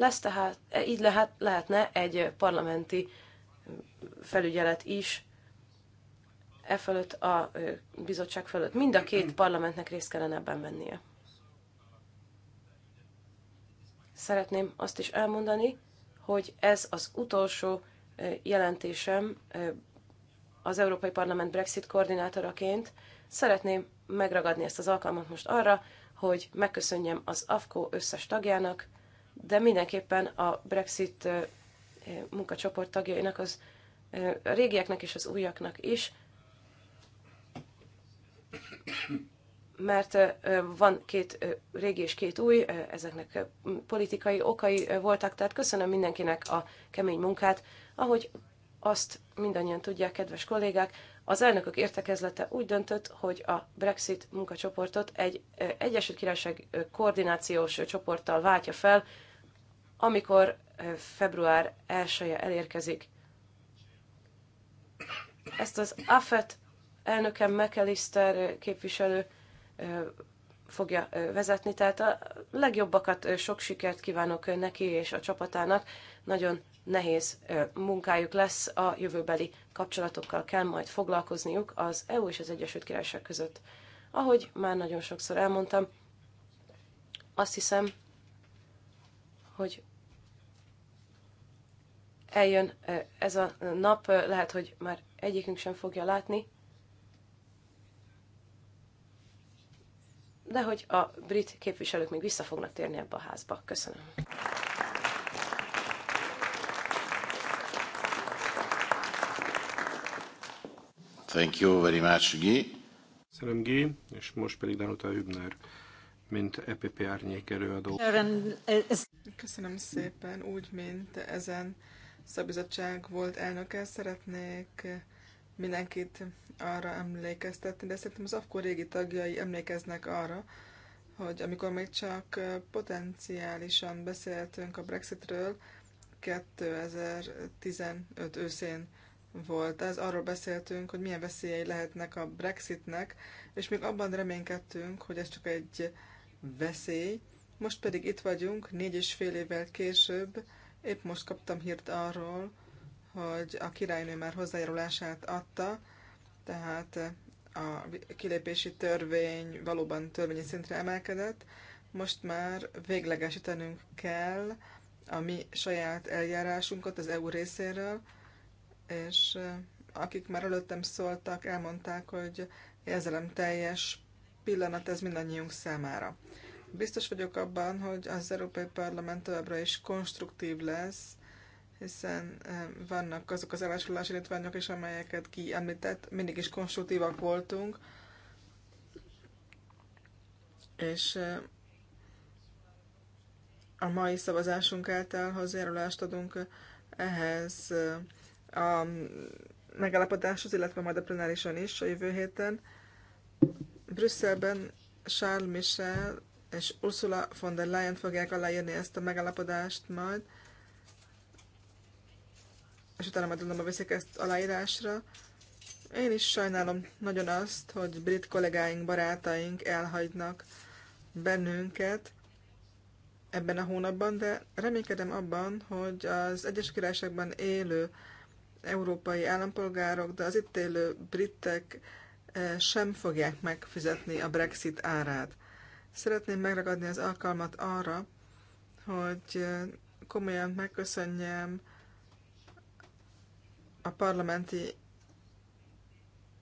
Lesz tehát, e, így lehet, lehetne egy parlamenti felügyelet is e fölött a bizottság fölött. Mind a két parlamentnek részt kellene ebben vennie. Szeretném azt is elmondani, hogy ez az utolsó jelentésem az Európai Parlament Brexit koordinátoraként. Szeretném megragadni ezt az alkalmat most arra, hogy megköszönjem az AFKO összes tagjának, de mindenképpen a Brexit munkacsoport tagjainak, az a régieknek és az újaknak is, mert van két régi és két új, ezeknek politikai okai voltak, tehát köszönöm mindenkinek a kemény munkát. Ahogy azt mindannyian tudják, kedves kollégák, az elnökök értekezlete úgy döntött, hogy a Brexit munkacsoportot egy Egyesült Királyság koordinációs csoporttal váltja fel, amikor február 1-e elérkezik. Ezt az AFET elnöke McAllister képviselő fogja vezetni, tehát a legjobbakat, sok sikert kívánok neki és a csapatának. Nagyon nehéz munkájuk lesz a jövőbeli kapcsolatokkal kell majd foglalkozniuk az EU és az Egyesült Királyság között. Ahogy már nagyon sokszor elmondtam, azt hiszem, hogy eljön ez a nap, lehet, hogy már egyikünk sem fogja látni, de hogy a brit képviselők még vissza fognak térni ebbe a házba. Köszönöm. Thank you very much, Guy. Köszönöm, Guy, és most pedig Danuta Hübner, mint EPP árnyék előadó. Köszönöm szépen, úgy, mint ezen Szabizottság volt elnöke, szeretnék mindenkit arra emlékeztetni, de szerintem az AFKO régi tagjai emlékeznek arra, hogy amikor még csak potenciálisan beszéltünk a Brexitről, 2015 őszén volt ez, arról beszéltünk, hogy milyen veszélyei lehetnek a Brexitnek, és még abban reménykedtünk, hogy ez csak egy veszély. Most pedig itt vagyunk, négy és fél évvel később, Épp most kaptam hírt arról, hogy a királynő már hozzájárulását adta, tehát a kilépési törvény valóban törvényi szintre emelkedett. Most már véglegesítenünk kell a mi saját eljárásunkat az EU részéről, és eh, akik már előttem szóltak, elmondták, hogy érzelem teljes pillanat ez mindannyiunk számára. Biztos vagyok abban, hogy az Európai Parlament továbbra is konstruktív lesz, hiszen eh, vannak azok az állásolási litványok is, amelyeket kiemlített, mindig is konstruktívak voltunk, és eh, a mai szavazásunk által hozzájárulást adunk eh, ehhez a megállapodáshoz, illetve majd a plenárison is a jövő héten. Brüsszelben Charles Michel és Ursula von der Leyen fogják aláírni ezt a megállapodást majd, és utána majd tudom, viszik ezt aláírásra. Én is sajnálom nagyon azt, hogy brit kollégáink, barátaink elhagynak bennünket ebben a hónapban, de reménykedem abban, hogy az Egyes Királyságban élő európai állampolgárok, de az itt élő britek eh, sem fogják megfizetni a Brexit árát. Szeretném megragadni az alkalmat arra, hogy komolyan megköszönjem a parlamenti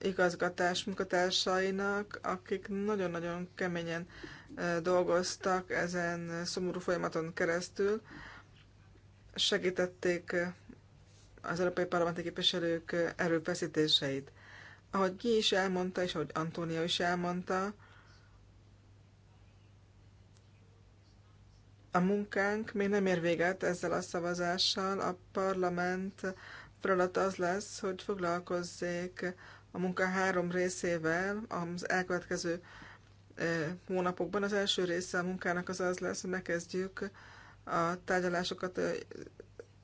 igazgatás munkatársainak, akik nagyon-nagyon keményen dolgoztak ezen szomorú folyamaton keresztül, segítették az európai parlamenti képviselők erőfeszítéseit. Ahogy Gi is elmondta, és ahogy Antónia is elmondta, A munkánk még nem ér véget ezzel a szavazással. A parlament feladat az lesz, hogy foglalkozzék a munka három részével az elkövetkező hónapokban. Az első része a munkának az az lesz, hogy megkezdjük a tárgyalásokat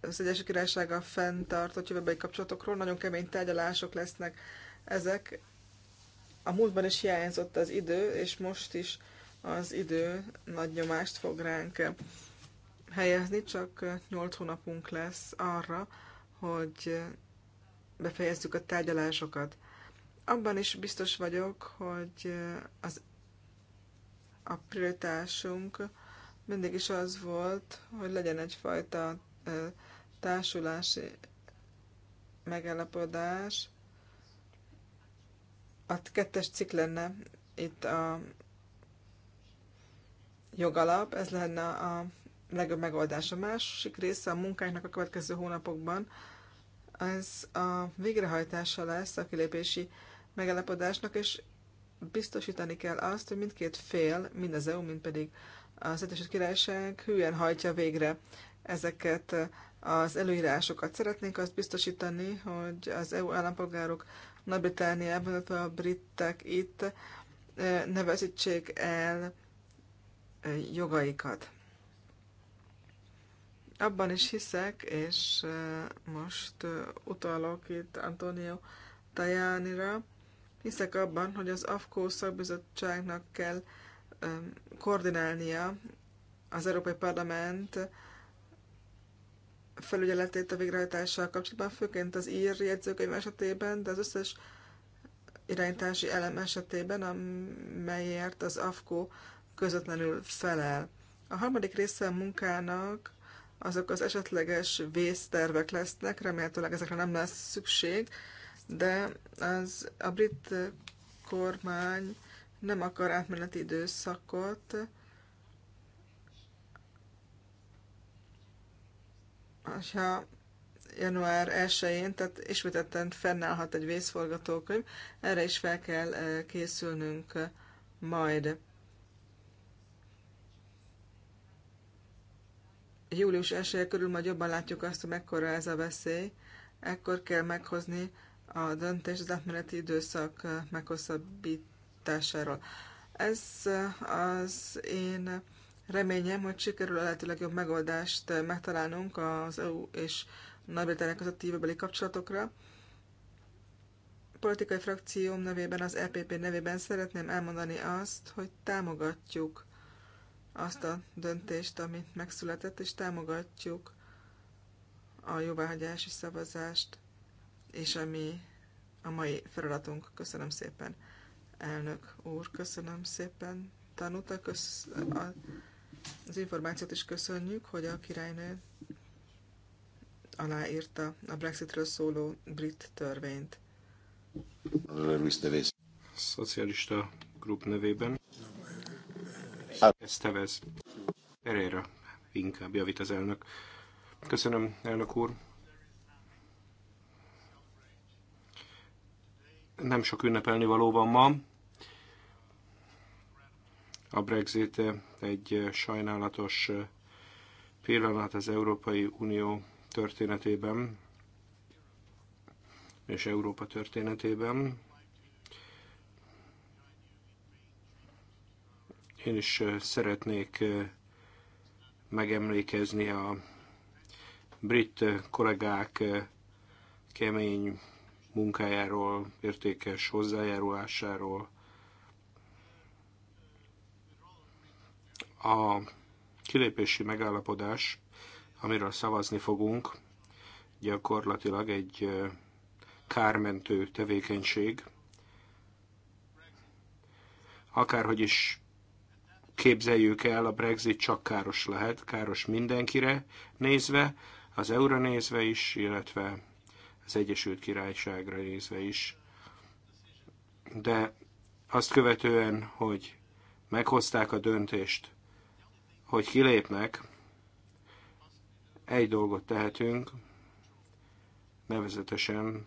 az Egyesült Királysággal fenntartott jövőbeli kapcsolatokról. Nagyon kemény tárgyalások lesznek ezek. A múltban is hiányzott az idő, és most is az idő nagy nyomást fog ránk helyezni, csak 8 hónapunk lesz arra, hogy befejezzük a tárgyalásokat. Abban is biztos vagyok, hogy az a prioritásunk mindig is az volt, hogy legyen egyfajta társulási megállapodás. A kettes cikk lenne itt a jogalap, ez lenne a legjobb megoldás. A másik része a munkáknak a következő hónapokban az a végrehajtása lesz a kilépési megállapodásnak, és biztosítani kell azt, hogy mindkét fél, mind az EU, mind pedig az Egyesült Királyság hülyen hajtja végre ezeket az előírásokat. Szeretnénk azt biztosítani, hogy az EU állampolgárok Nagy-Britániában, a britek itt eh, nevezítsék el jogaikat. Abban is hiszek, és most utalok itt Antonio Tajánira, hiszek abban, hogy az AFKO szakbizottságnak kell koordinálnia az Európai Parlament felügyeletét a végrehajtással kapcsolatban, főként az ír jegyzőkönyv esetében, de az összes irányítási elem esetében, amelyért az AFKO közvetlenül felel. A harmadik része a munkának azok az esetleges vésztervek lesznek, remélhetőleg ezekre nem lesz szükség, de az a brit kormány nem akar átmeneti időszakot, ha január 1-én, tehát ismétetten fennállhat egy vészforgatókönyv, erre is fel kell eh, készülnünk majd. július 1 körül majd jobban látjuk azt, hogy mekkora ez a veszély, ekkor kell meghozni a döntés az átmeneti időszak meghosszabbításáról. Ez eh, az én reményem, hogy sikerül a lehető legjobb megoldást eh, megtalálnunk az EU és Nagy-Britannia között jövőbeli kapcsolatokra. A politikai frakcióm nevében, az EPP nevében szeretném elmondani azt, hogy támogatjuk azt a döntést, amit megszületett, és támogatjuk a jóváhagyási szavazást, és ami a mai feladatunk. Köszönöm szépen, elnök úr, köszönöm szépen, tanúta, az információt is köszönjük, hogy a királynő aláírta a Brexitről szóló brit törvényt. A Szocialista grup nevében. Hát, Esztevez. Pereira. Inkább javít az elnök. Köszönöm, elnök úr. Nem sok ünnepelni való van ma. A Brexit egy sajnálatos pillanat az Európai Unió történetében és Európa történetében. Én is szeretnék megemlékezni a brit kollégák kemény munkájáról, értékes hozzájárulásáról. A kilépési megállapodás, amiről szavazni fogunk, gyakorlatilag egy kármentő tevékenység. Akárhogy is képzeljük el, a Brexit csak káros lehet, káros mindenkire nézve, az euró nézve is, illetve az Egyesült Királyságra nézve is. De azt követően, hogy meghozták a döntést, hogy kilépnek, egy dolgot tehetünk, nevezetesen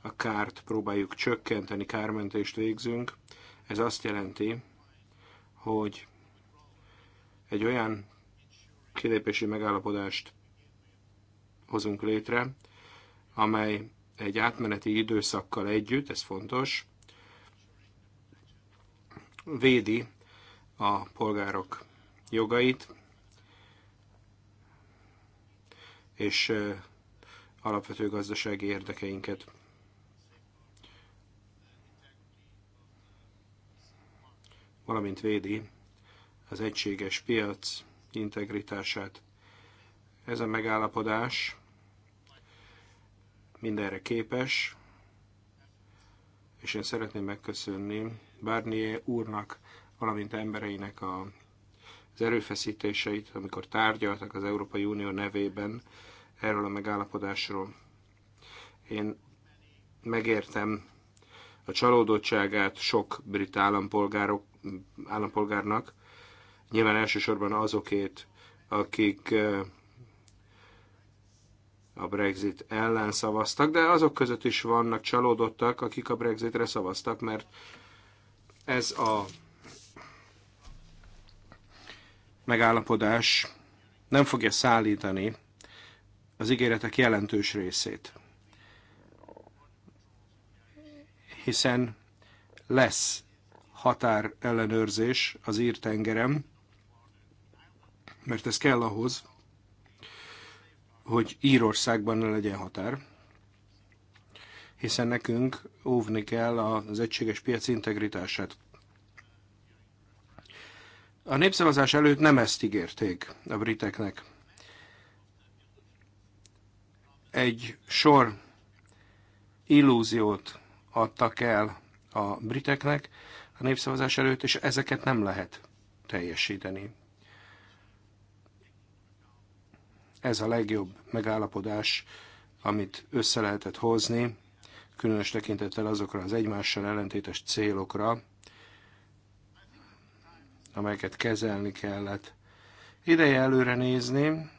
a kárt próbáljuk csökkenteni, kármentést végzünk. Ez azt jelenti, hogy egy olyan kilépési megállapodást hozunk létre, amely egy átmeneti időszakkal együtt, ez fontos, védi a polgárok jogait, és alapvető gazdasági érdekeinket. valamint védi az egységes piac integritását. Ez a megállapodás mindenre képes, és én szeretném megköszönni Barnier úrnak, valamint embereinek a, az erőfeszítéseit, amikor tárgyaltak az Európai Unió nevében erről a megállapodásról. Én megértem a csalódottságát sok brit állampolgárok állampolgárnak, nyilván elsősorban azokét, akik a Brexit ellen szavaztak, de azok között is vannak csalódottak, akik a Brexitre szavaztak, mert ez a megállapodás nem fogja szállítani az ígéretek jelentős részét. Hiszen lesz határellenőrzés az írtengerem, mert ez kell ahhoz, hogy Írországban ne legyen határ, hiszen nekünk óvni kell az egységes piac integritását. A népszavazás előtt nem ezt ígérték a briteknek. Egy sor illúziót adtak el a briteknek, a népszavazás előtt, és ezeket nem lehet teljesíteni. Ez a legjobb megállapodás, amit össze lehetett hozni, különös tekintettel azokra az egymással ellentétes célokra, amelyeket kezelni kellett. Ideje előre nézni,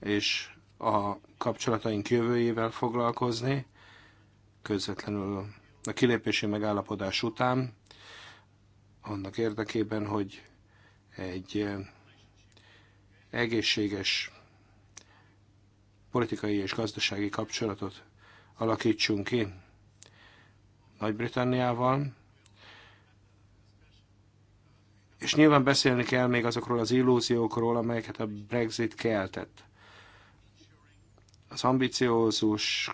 és a kapcsolataink jövőjével foglalkozni, közvetlenül a kilépési megállapodás után, annak érdekében, hogy egy eh, egészséges politikai és gazdasági kapcsolatot alakítsunk ki Nagy-Britanniával, és nyilván beszélni kell még azokról az illúziókról, amelyeket a Brexit keltett. Az ambiciózus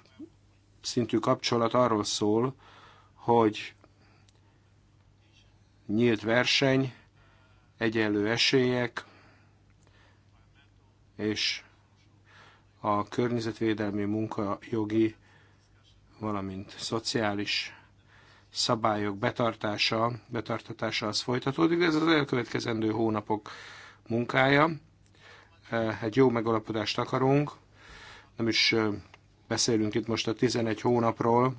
szintű kapcsolat arról szól, hogy nyílt verseny, egyenlő esélyek, és a környezetvédelmi munkajogi, valamint szociális szabályok betartása, betartatása az folytatódik, de ez az elkövetkezendő hónapok munkája. Eh, egy jó megalapodást akarunk, nem is eh, beszélünk itt most a 11 hónapról,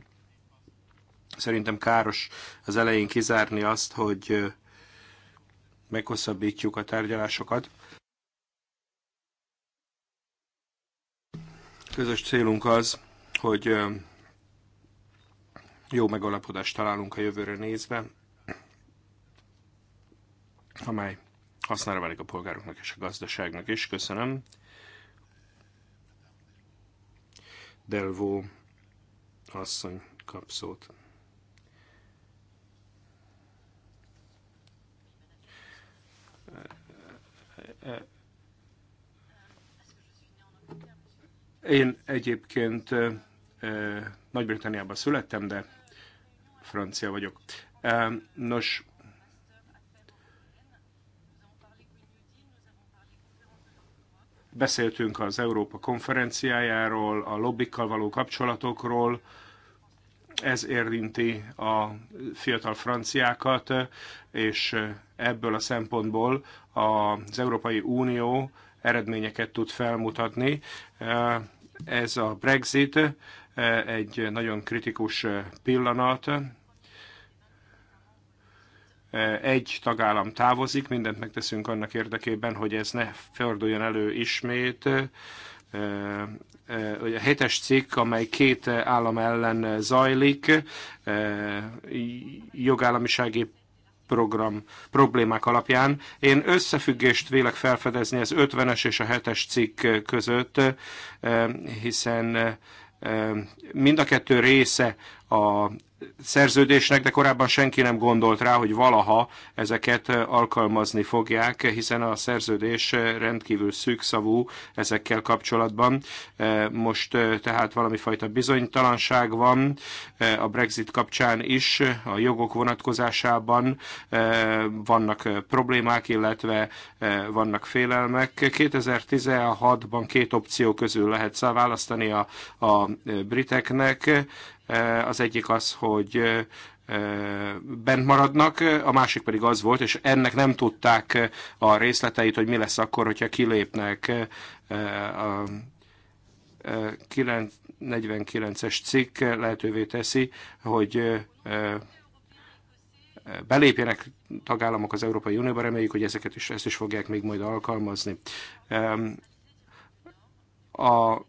Szerintem káros az elején kizárni azt, hogy meghosszabbítjuk a tárgyalásokat. Közös célunk az, hogy jó megalapodást találunk a jövőre nézve, amely hasznára válik a polgároknak és a gazdaságnak is. Köszönöm. Delvó asszony kap szót. Én egyébként Nagy-Britanniában születtem, de francia vagyok. Nos, beszéltünk az Európa konferenciájáról, a lobbikkal való kapcsolatokról, ez érinti a fiatal franciákat, és ebből a szempontból az Európai Unió eredményeket tud felmutatni. Ez a Brexit egy nagyon kritikus pillanat, egy tagállam távozik, mindent megteszünk annak érdekében, hogy ez ne forduljon elő ismét a hetes cikk, amely két állam ellen zajlik, jogállamisági program problémák alapján. Én összefüggést vélek felfedezni az 50-es és a 7-es cikk között, hiszen mind a kettő része a szerződésnek, de korábban senki nem gondolt rá, hogy valaha ezeket alkalmazni fogják, hiszen a szerződés rendkívül szűkszavú ezekkel kapcsolatban. E, most e, tehát valami fajta bizonytalanság van e, a Brexit kapcsán is, a jogok vonatkozásában vannak problémák, illetve vannak félelmek. 2016-ban két opció közül lehet választani a, a briteknek, Eh, az egyik az, hogy eh, eh, bent maradnak, a másik pedig az volt, és ennek nem tudták a részleteit, hogy mi lesz akkor, hogyha kilépnek a 49-es cikk lehetővé teszi, hogy belépjenek tagállamok az Európai Unióba, reméljük, hogy ezeket is, ezt is fogják még majd alkalmazni. A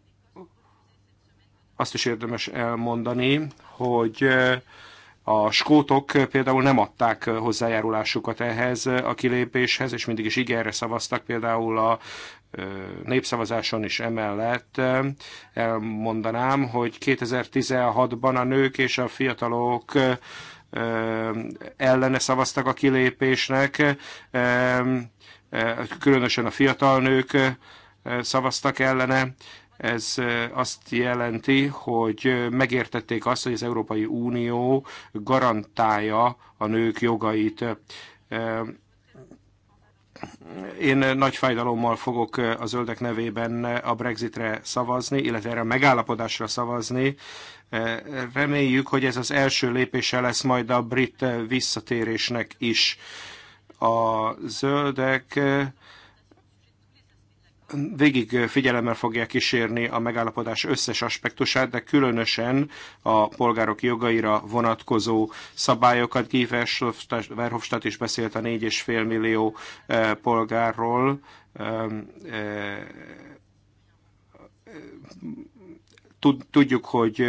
azt is érdemes elmondani, hogy a skótok például nem adták hozzájárulásukat ehhez a kilépéshez, és mindig is igenre szavaztak például a népszavazáson is emellett. Elmondanám, hogy 2016-ban a nők és a fiatalok ellene szavaztak a kilépésnek, különösen a fiatal nők szavaztak ellene, ez azt jelenti, hogy megértették azt, hogy az Európai Unió garantálja a nők jogait. Én nagy fájdalommal fogok a zöldek nevében a Brexitre szavazni, illetve erre a megállapodásra szavazni. Reméljük, hogy ez az első lépése lesz majd a brit visszatérésnek is. A zöldek végig figyelemmel fogják kísérni a megállapodás összes aspektusát, de különösen a polgárok jogaira vonatkozó szabályokat. Guy Verhofstadt is beszélt a 4,5 millió polgárról tudjuk, hogy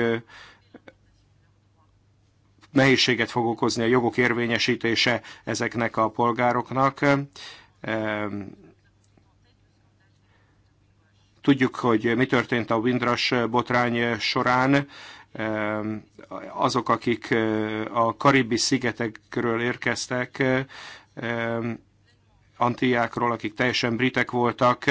nehézséget fog okozni a jogok érvényesítése ezeknek a polgároknak. Tudjuk, hogy mi történt a Windrush botrány során, azok, akik a Karibi szigetekről érkeztek, antiákról, akik teljesen britek voltak,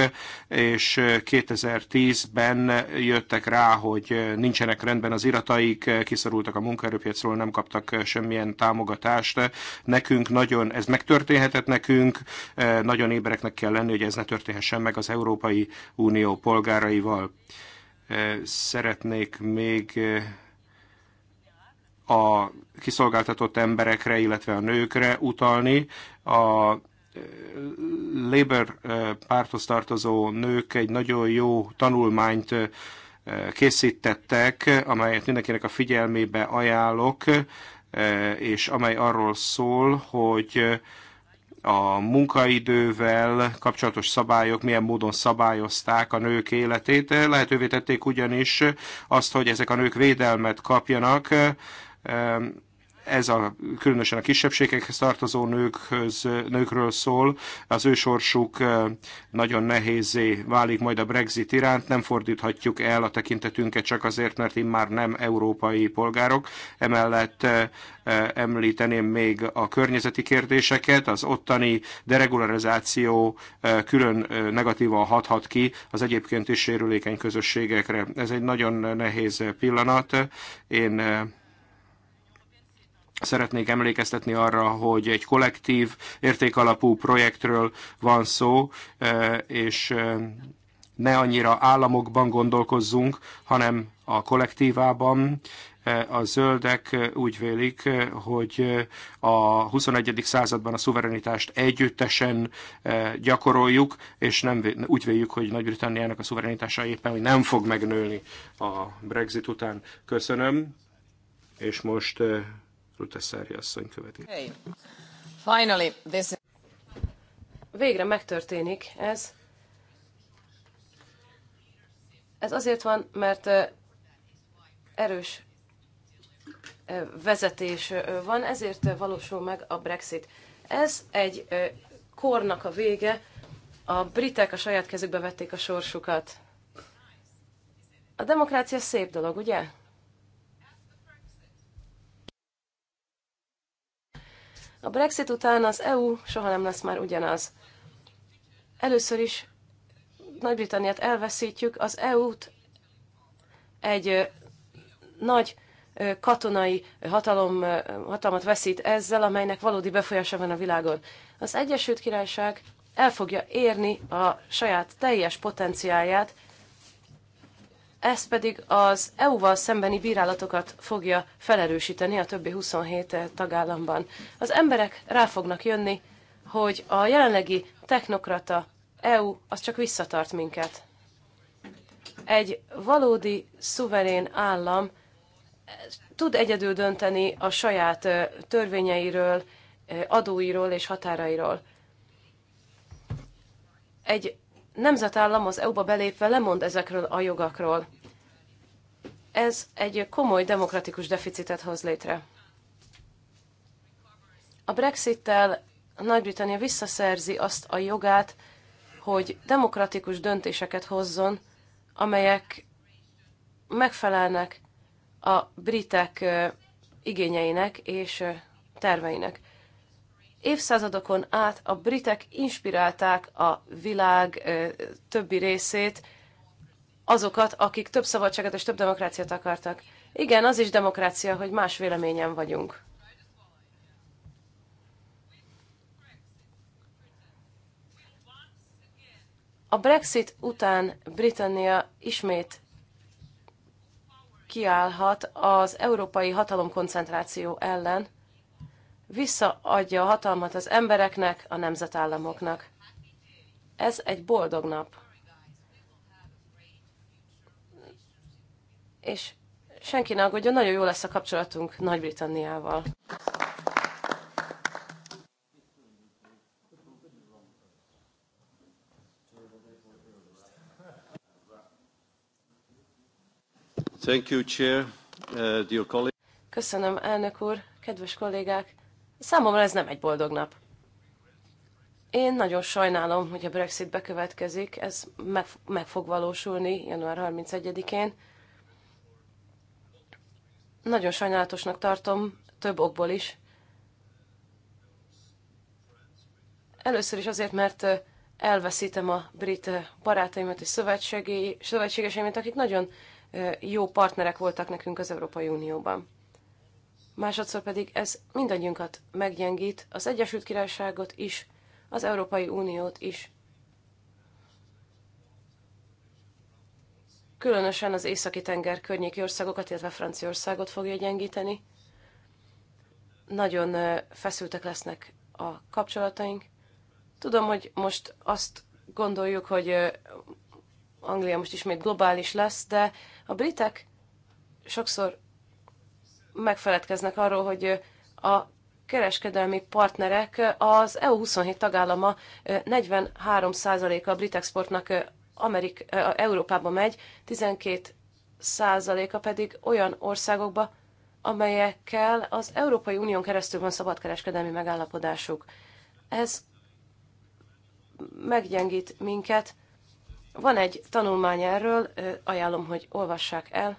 és 2010-ben jöttek rá, hogy nincsenek rendben az irataik, kiszorultak a munkaerőpiacról, nem kaptak semmilyen támogatást. Nekünk nagyon, ez megtörténhetett nekünk, nagyon ébereknek kell lenni, hogy ez ne történhessen meg az Európai Unió polgáraival. Szeretnék még a kiszolgáltatott emberekre, illetve a nőkre utalni. A Labour eh, párthoz tartozó nők egy nagyon jó tanulmányt eh, készítettek, amelyet mindenkinek a figyelmébe ajánlok, eh, és amely arról szól, hogy a munkaidővel kapcsolatos szabályok milyen módon szabályozták a nők életét. Lehetővé tették ugyanis azt, hogy ezek a nők védelmet kapjanak, ez a, különösen a kisebbségekhez tartozó nőkhöz, nőkről szól. Az ő sorsuk nagyon nehézé válik majd a Brexit iránt. Nem fordíthatjuk el a tekintetünket csak azért, mert már nem európai polgárok. Emellett említeném még a környezeti kérdéseket. Az ottani deregularizáció külön negatívan hathat ki az egyébként is sérülékeny közösségekre. Ez egy nagyon nehéz pillanat. Én Szeretnék emlékeztetni arra, hogy egy kollektív, értékalapú projektről van szó, e, és e, ne annyira államokban gondolkozzunk, hanem a kollektívában. E, a zöldek úgy vélik, hogy a 21. században a szuverenitást együttesen gyakoroljuk, és nem, úgy véljük, hogy Nagy-Britanniának a szuverenitása éppen hogy nem fog megnőni a Brexit után. Köszönöm, és most asszony Hey. Finally, this... Végre megtörténik ez. Ez azért van, mert eh, erős eh, vezetés eh, van, ezért valósul meg a Brexit. Ez egy kornak a vége, a britek a saját kezükbe vették a sorsukat. A demokrácia szép dolog, ugye? A Brexit után az EU soha nem lesz már ugyanaz. Először is Nagy-Britanniát elveszítjük, az EU-t egy nagy katonai hatalom, hatalmat veszít ezzel, amelynek valódi befolyása van a világon. Az Egyesült Királyság el fogja érni a saját teljes potenciáját, ez pedig az EU-val szembeni bírálatokat fogja felerősíteni a többi 27 tagállamban. Az emberek rá fognak jönni, hogy a jelenlegi technokrata EU az csak visszatart minket. Egy valódi szuverén állam tud egyedül dönteni a saját törvényeiről, adóiról és határairól. Egy nemzetállam az EU-ba belépve lemond ezekről a jogakról. Ez egy komoly demokratikus deficitet hoz létre. A Brexittel Nagy-Britannia visszaszerzi azt a jogát, hogy demokratikus döntéseket hozzon, amelyek megfelelnek a britek igényeinek és terveinek. Évszázadokon át a britek inspirálták a világ többi részét, azokat, akik több szabadságot és több demokráciát akartak. Igen, az is demokrácia, hogy más véleményen vagyunk. A Brexit után Britannia ismét kiállhat az európai hatalomkoncentráció ellen, visszaadja a hatalmat az embereknek, a nemzetállamoknak. Ez egy boldog nap. És senki ne aggódjon, nagyon jó lesz a kapcsolatunk Nagy-Britanniával. Thank you, Chair, uh, dear colleague. Köszönöm, elnök úr, kedves kollégák! Számomra ez nem egy boldog nap. Én nagyon sajnálom, hogy a Brexit bekövetkezik, ez meg, meg fog valósulni január 31-én. Nagyon sajnálatosnak tartom, több okból is. Először is azért, mert elveszítem a brit barátaimat és szövetségeseimet, akik nagyon jó partnerek voltak nekünk az Európai Unióban másodszor pedig ez mindannyiunkat meggyengít, az Egyesült Királyságot is, az Európai Uniót is. Különösen az északi tenger környéki országokat, illetve Franciaországot fogja gyengíteni. Nagyon feszültek lesznek a kapcsolataink. Tudom, hogy most azt gondoljuk, hogy Anglia most ismét globális lesz, de a britek sokszor megfeledkeznek arról, hogy a kereskedelmi partnerek az EU27 tagállama 43%-a a brit exportnak Amerik- Európába megy, 12%-a pedig olyan országokba, amelyekkel az Európai Unión keresztül van szabadkereskedelmi megállapodásuk. Ez meggyengít minket. Van egy tanulmány erről, ajánlom, hogy olvassák el.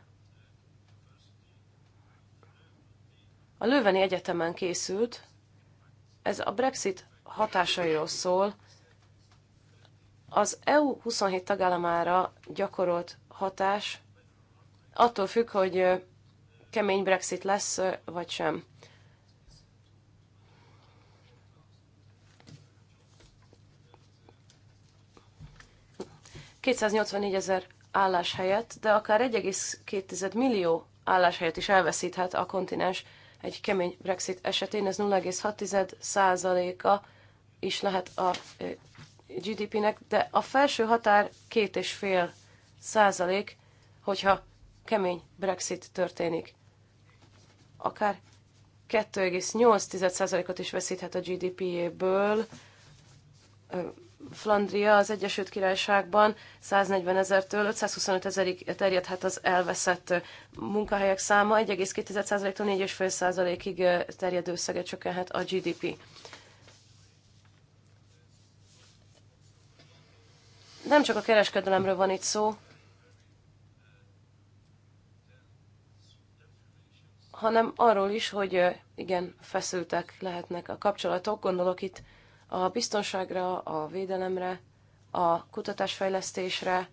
Löveni Egyetemen készült, ez a Brexit hatásairól szól, az EU 27 tagállamára gyakorolt hatás attól függ, hogy kemény Brexit lesz, vagy sem. ...284 ezer álláshelyet, de akár 1,2 millió álláshelyet is elveszíthet a kontinens egy kemény Brexit esetén ez 0,6%-a is lehet a GDP-nek, de a felső határ 2,5 százalék, hogyha kemény Brexit történik. Akár 2,8%-ot is veszíthet a GDP-jéből Flandria az Egyesült Királyságban 140 ezertől 525 ezerig terjedhet az elveszett munkahelyek száma, 1,2%-tól 4,5%-ig terjedő összege csökkenhet a GDP. Nem csak a kereskedelemről van itt szó, hanem arról is, hogy igen, feszültek lehetnek a kapcsolatok, gondolok itt a biztonságra, a védelemre, a kutatásfejlesztésre,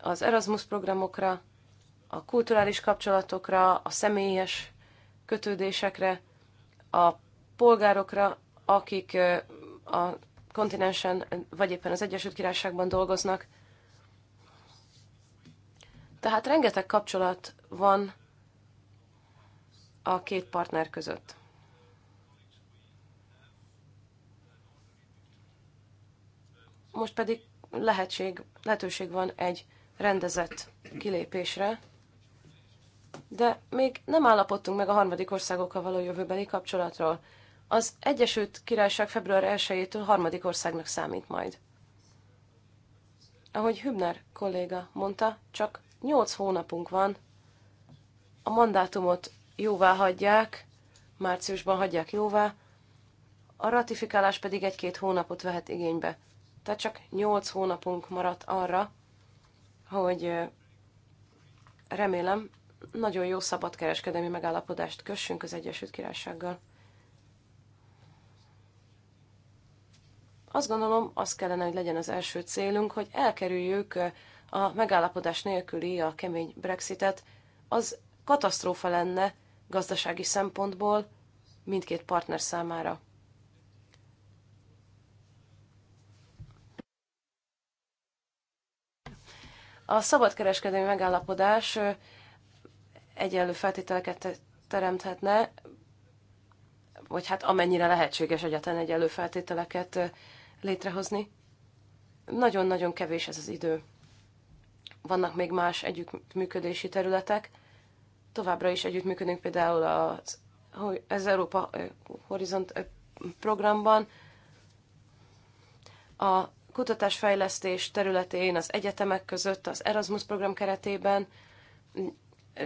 az Erasmus programokra, a kulturális kapcsolatokra, a személyes kötődésekre, a polgárokra, akik a kontinensen vagy éppen az Egyesült Királyságban dolgoznak. Tehát rengeteg kapcsolat van a két partner között. Most pedig lehetség, lehetőség van egy rendezett kilépésre, de még nem állapodtunk meg a harmadik országokkal való jövőbeli kapcsolatról. Az Egyesült Királyság február 1-től harmadik országnak számít majd. Ahogy Hübner kolléga mondta, csak 8 hónapunk van. A mandátumot jóvá hagyják, márciusban hagyják jóvá, a ratifikálás pedig egy-két hónapot vehet igénybe. Tehát csak 8 hónapunk maradt arra, hogy remélem nagyon jó szabadkereskedelmi megállapodást kössünk az Egyesült Királysággal. Azt gondolom, az kellene, hogy legyen az első célunk, hogy elkerüljük a megállapodás nélküli a kemény Brexitet. Az katasztrófa lenne gazdasági szempontból mindkét partner számára. A szabadkereskedelmi megállapodás egyenlő feltételeket teremthetne, vagy hát amennyire lehetséges egyetlen egyenlő feltételeket létrehozni. Nagyon-nagyon kevés ez az idő. Vannak még más együttműködési területek. Továbbra is együttműködünk például az, az Európa Horizont programban, a kutatásfejlesztés területén, az egyetemek között, az Erasmus program keretében.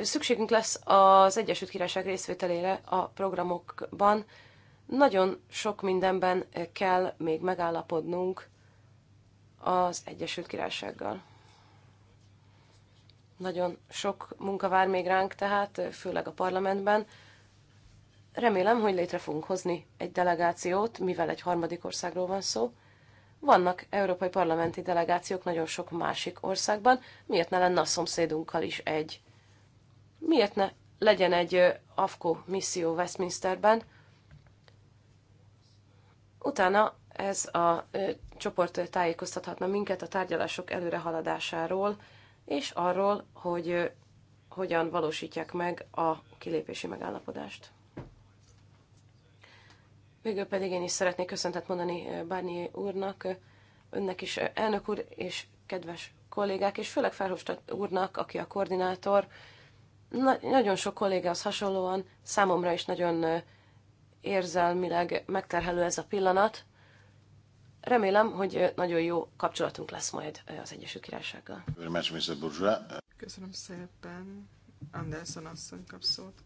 Szükségünk lesz az Egyesült Királyság részvételére a programokban. Nagyon sok mindenben kell még megállapodnunk az Egyesült Királysággal. Nagyon sok munka vár még ránk, tehát főleg a parlamentben. Remélem, hogy létre fogunk hozni egy delegációt, mivel egy harmadik országról van szó, vannak európai parlamenti delegációk nagyon sok másik országban, miért ne lenne a szomszédunkkal is egy? Miért ne legyen egy AFKO misszió Westminsterben? Utána ez a csoport tájékoztathatna minket a tárgyalások előrehaladásáról, és arról, hogy hogyan valósítják meg a kilépési megállapodást. Végül pedig én is szeretnék köszöntet mondani eh, Barnier úrnak, eh, önnek is, eh, elnök úr, és kedves kollégák, és főleg Felhofstadt úrnak, aki a koordinátor. Na, nagyon sok az hasonlóan számomra is nagyon érzelmileg megterhelő ez a pillanat. Remélem, hogy nagyon jó kapcsolatunk lesz majd az Egyesült Királysággal. Köszönöm szépen. Anderson asszony kap szót.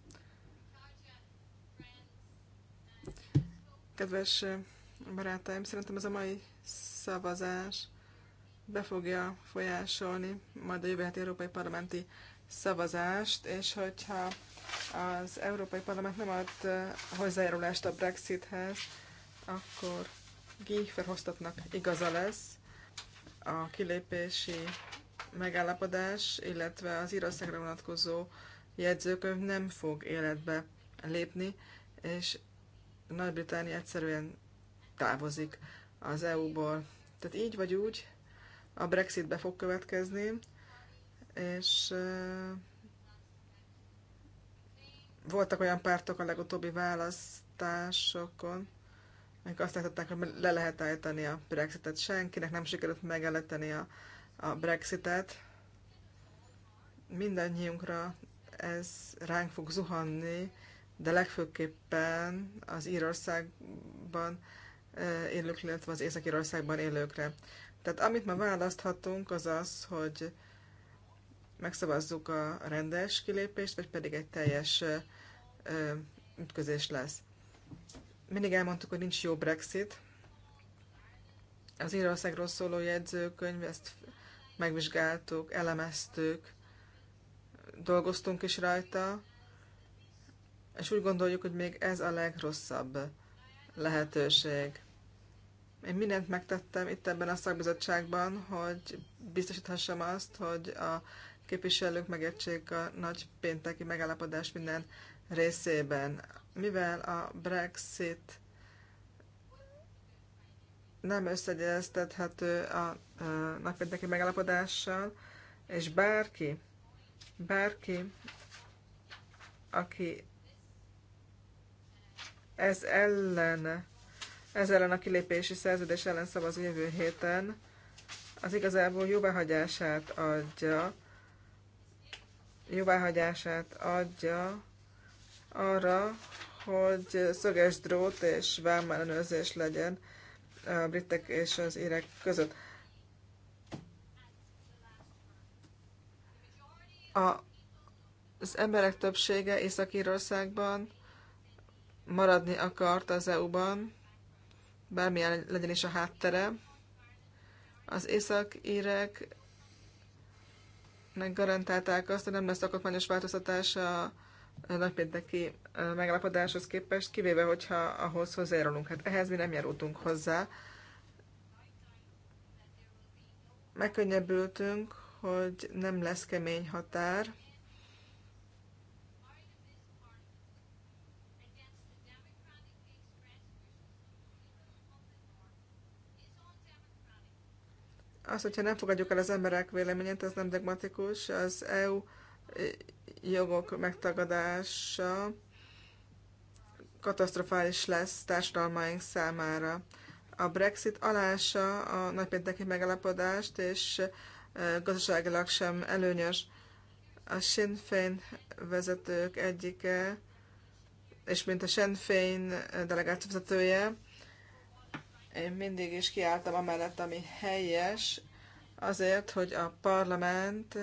Kedves barátaim, szerintem ez a mai szavazás be fogja folyásolni majd a jövő heti európai parlamenti szavazást, és hogyha az Európai Parlament nem ad eh, hozzájárulást a Brexithez, akkor Guy Verhofstadtnak igaza lesz a kilépési megállapodás, illetve az Írországra vonatkozó jegyzőkönyv nem fog életbe lépni, és nagy-Britannia egyszerűen távozik az EU-ból. Tehát így vagy úgy a Brexit be fog következni, és voltak olyan pártok a legutóbbi választásokon, amik azt látották, hogy le lehet állítani a Brexitet. Senkinek nem sikerült megállítani a, a Brexitet. Mindannyiunkra ez ránk fog zuhanni, de legfőképpen az Írországban eh, élők, illetve az Észak-Írországban élőkre. Tehát amit ma választhatunk, az az, hogy megszavazzuk a rendes kilépést, vagy pedig egy teljes eh, eh, ütközés lesz. Mindig elmondtuk, hogy nincs jó Brexit. Az Írországról szóló jegyzőkönyv, ezt megvizsgáltuk, elemeztük, dolgoztunk is rajta, és úgy gondoljuk, hogy még ez a legrosszabb lehetőség. Én mindent megtettem itt ebben a szakbizottságban, hogy biztosíthassam azt, hogy a képviselők megértsék a nagy pénteki megállapodás minden részében. Mivel a Brexit nem összegyeztethető a pénteki megállapodással, és bárki, bárki, aki ez ellen, ez ellen a kilépési szerződés ellen szavaz jövő héten, az igazából jóváhagyását adja, jóváhagyását adja arra, hogy szöges drót és vámellenőrzés legyen a britek és az írek között. A, az emberek többsége Észak-Írországban maradni akart az EU-ban, bármilyen legyen is a háttere. Az észak-írek garantálták azt, hogy nem lesz alkotmányos változtatás a nagypénteki megállapodáshoz képest, kivéve, hogyha ahhoz hozzájárulunk. Hát ehhez mi nem járultunk hozzá. Megkönnyebbültünk, hogy nem lesz kemény határ, az, hogyha nem fogadjuk el az emberek véleményét, az nem dogmatikus, az EU jogok megtagadása katasztrofális lesz társadalmaink számára. A Brexit alása a nagypénteki megalapodást, és gazdaságilag sem előnyös. A Sinn Féin vezetők egyike, és mint a Sinn Féin delegáció vezetője, én mindig is kiálltam amellett, ami helyes, azért, hogy a parlament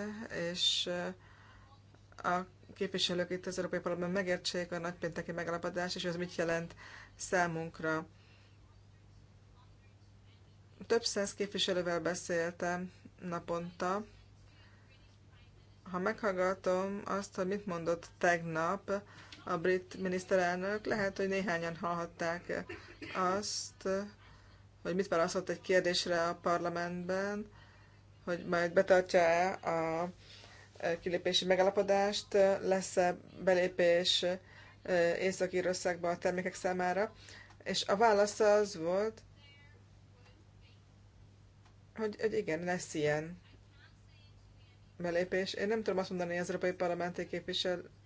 és eh, a képviselők itt az Európai Parlament megértsék a nagypénteki megállapodást, és ez mit jelent számunkra. Több száz képviselővel beszéltem naponta. Ha meghallgatom azt, hogy mit mondott tegnap a brit miniszterelnök, lehet, hogy néhányan hallhatták azt, hogy mit válaszolt egy kérdésre a parlamentben, hogy majd betartja-e a e, kilépési megállapodást, lesz-e belépés e, Észak-Írországba a termékek számára. És a válasza az volt, hogy, hogy igen, lesz ilyen belépés. Én nem tudom azt mondani az Európai Parlamenti képviselőknek,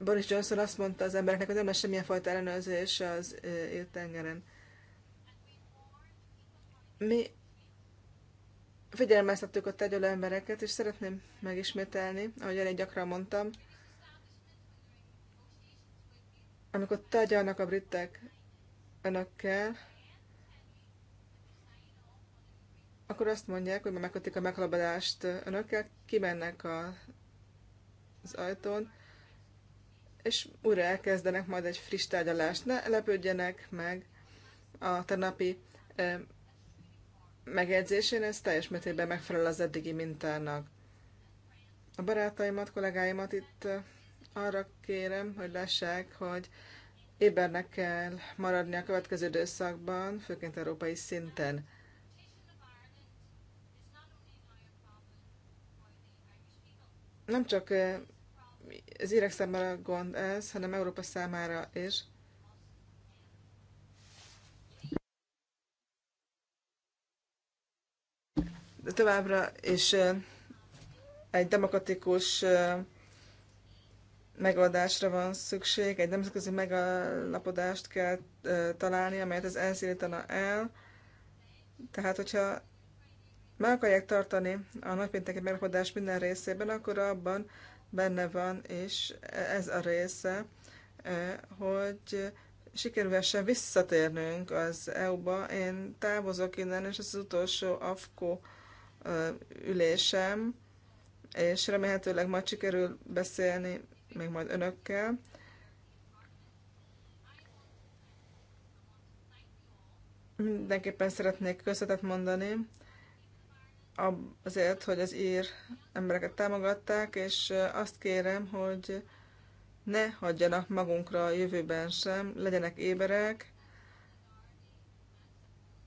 Boris Johnson azt mondta az embereknek, hogy nem lesz semmilyen fajta ellenőrzés az éltengeren. Mi figyelmeztettük a tegyelő embereket, és szeretném megismételni, ahogy elég gyakran mondtam, amikor tárgyalnak a britek önökkel, akkor azt mondják, hogy megkötik a meghalabadást önökkel, kimennek a, az ajtón, és újra elkezdenek majd egy friss tárgyalást. Ne lepődjenek meg a tegnapi megjegyzésén, ez teljes mértékben megfelel az eddigi mintának. A barátaimat, kollégáimat itt arra kérem, hogy lássák, hogy ébernek kell maradni a következő időszakban, főként európai szinten. Nem csak az írek számára gond ez, hanem Európa számára is. De továbbra is egy demokratikus megoldásra van szükség, egy nemzetközi megalapodást kell találni, amelyet az ENSZ írtana el. Tehát, hogyha meg akarják tartani a nagypénteki megállapodást minden részében, akkor abban benne van, és ez a része, hogy sikerülhessen visszatérnünk az EU-ba. Én távozok innen, és ez az utolsó AFKO ülésem, és remélhetőleg majd sikerül beszélni még majd önökkel. Mindenképpen szeretnék köszönetet mondani azért, hogy az ír embereket támogatták, és azt kérem, hogy ne hagyjanak magunkra a jövőben sem, legyenek éberek,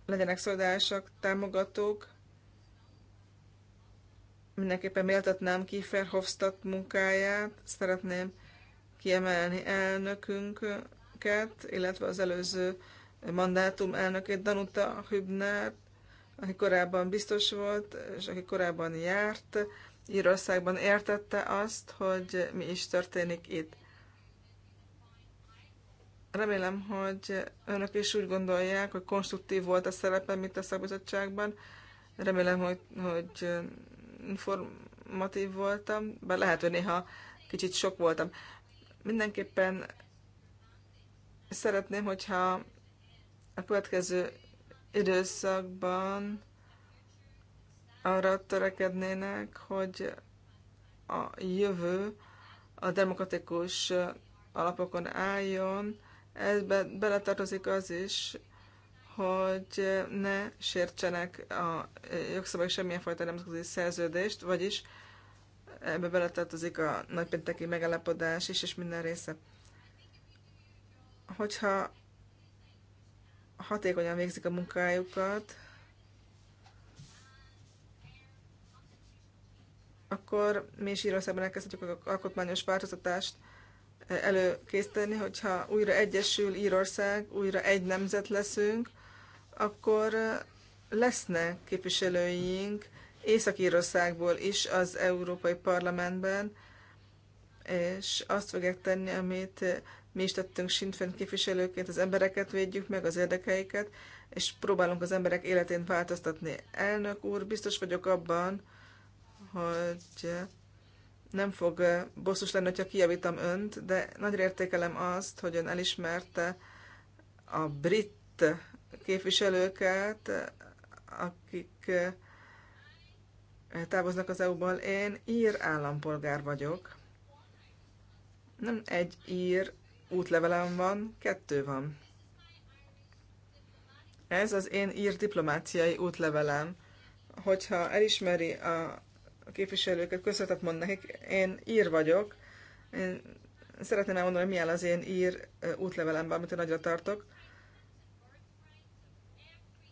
legyenek szolgálásak, támogatók. Mindenképpen méltatnám ki Ferhofstadt munkáját, szeretném kiemelni elnökünket, illetve az előző mandátum elnökét, Danuta Hübnert, aki korábban biztos volt, és aki korábban járt Írországban, értette azt, hogy mi is történik itt. Remélem, hogy önök is úgy gondolják, hogy konstruktív volt a szerepe, mint a szakbizottságban. Remélem, hogy, hogy informatív voltam, bár lehet, hogy néha kicsit sok voltam. Mindenképpen szeretném, hogyha a következő időszakban arra törekednének, hogy a jövő a demokratikus alapokon álljon. Ezbe beletartozik az is, hogy ne sértsenek a jogszabály semmilyen fajta nemzetközi szerződést, vagyis ebbe beletartozik a nagypénteki megállapodás is, és minden része. Hogyha hatékonyan végzik a munkájukat, akkor mi is Írországban elkezdhetjük az alkotmányos változtatást eh, előkészíteni, hogyha újra egyesül Írország, újra egy nemzet leszünk, akkor eh, lesznek képviselőink Észak-Írországból is az Európai Parlamentben, és azt fogják tenni, amit eh, mi is tettünk sintfent képviselőként, az embereket védjük meg, az érdekeiket, és próbálunk az emberek életén változtatni. Elnök úr, biztos vagyok abban, hogy nem fog bosszus lenni, ha kijavítom önt, de nagyra értékelem azt, hogy ön elismerte a brit képviselőket, akik távoznak az EU-ból. Én ír állampolgár vagyok. Nem egy ír útlevelem van, kettő van. Ez az én ír diplomáciai útlevelem. Hogyha elismeri a képviselőket, köszönetet mond nekik, én ír vagyok, én szeretném elmondani, hogy mi az én ír útlevelemben, amit én nagyra tartok.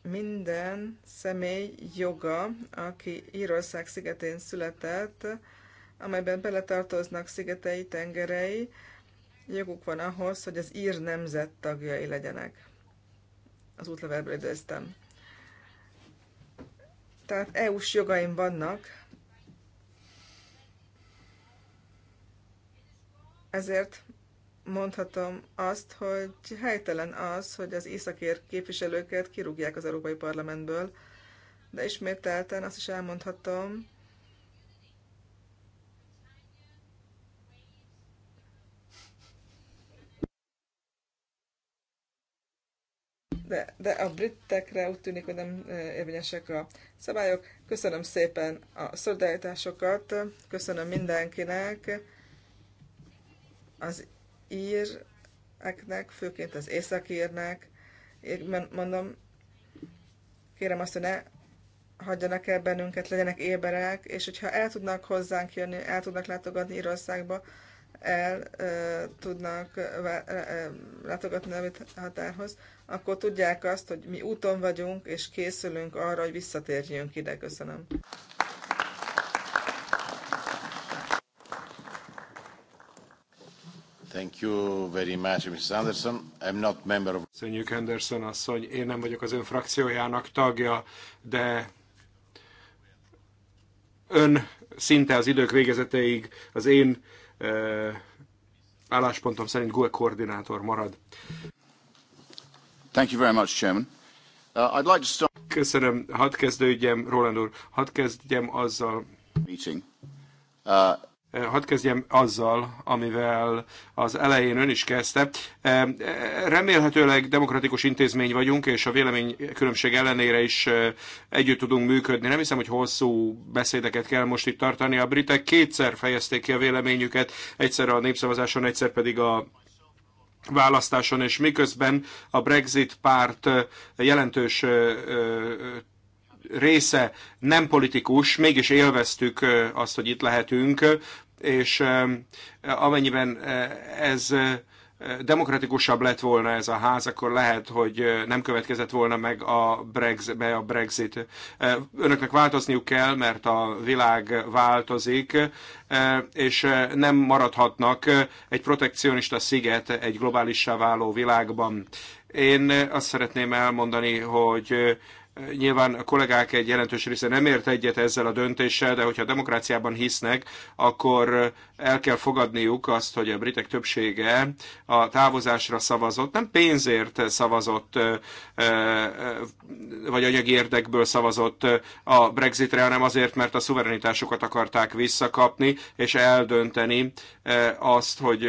Minden személy joga, aki Írország szigetén született, amelyben beletartoznak szigetei, tengerei, joguk van ahhoz, hogy az ír nemzet tagjai legyenek. Az útlevelből idéztem. Tehát EU-s jogaim vannak, ezért mondhatom azt, hogy helytelen az, hogy az északér képviselőket kirúgják az Európai Parlamentből, de ismételten azt is elmondhatom, de, de a britekre úgy tűnik, hogy nem érvényesek a szabályok. Köszönöm szépen a szolidaritásokat, köszönöm mindenkinek, az íreknek, főként az északírnek. Én mondom, kérem azt, hogy ne hagyjanak el bennünket, legyenek éberek, és hogyha el tudnak hozzánk jönni, el tudnak látogatni Írországba, el e, tudnak e, látogatni a határhoz, akkor tudják azt, hogy mi úton vagyunk, és készülünk arra, hogy visszatérjünk ide. Köszönöm. Thank you very much, Mrs. Anderson. I'm not member of... Köszönjük, Henderson asszony. Én nem vagyok az ön frakciójának tagja, de ön szinte az idők végezeteig az én álláspontom szerint GUE koordinátor marad. Thank you very much, Chairman. Uh, I'd like to start... Köszönöm. Hadd kezdődjem, Roland úr, hadd kezdjem azzal... Meeting. Uh, Eh, hadd kezdjem azzal, amivel az elején ön is kezdte. Eh, remélhetőleg demokratikus intézmény vagyunk, és a különbség ellenére is eh, együtt tudunk működni. Nem hiszem, hogy hosszú beszédeket kell most itt tartani. A britek kétszer fejezték ki a véleményüket, egyszer a népszavazáson, egyszer pedig a választáson, és miközben a Brexit párt jelentős része nem politikus, mégis élveztük azt, hogy itt lehetünk, és amennyiben ez demokratikusabb lett volna ez a ház, akkor lehet, hogy nem következett volna meg a Brexit. Be a Brexit. Önöknek változniuk kell, mert a világ változik, és nem maradhatnak egy protekcionista sziget egy globálissá váló világban. Én azt szeretném elmondani, hogy Nyilván a kollégák egy jelentős része nem ért egyet ezzel a döntéssel, de hogyha a demokráciában hisznek, akkor el kell fogadniuk azt, hogy a britek többsége a távozásra szavazott, nem pénzért szavazott, vagy anyagi érdekből szavazott a Brexitre, hanem azért, mert a szuverenitásukat akarták visszakapni, és eldönteni azt, hogy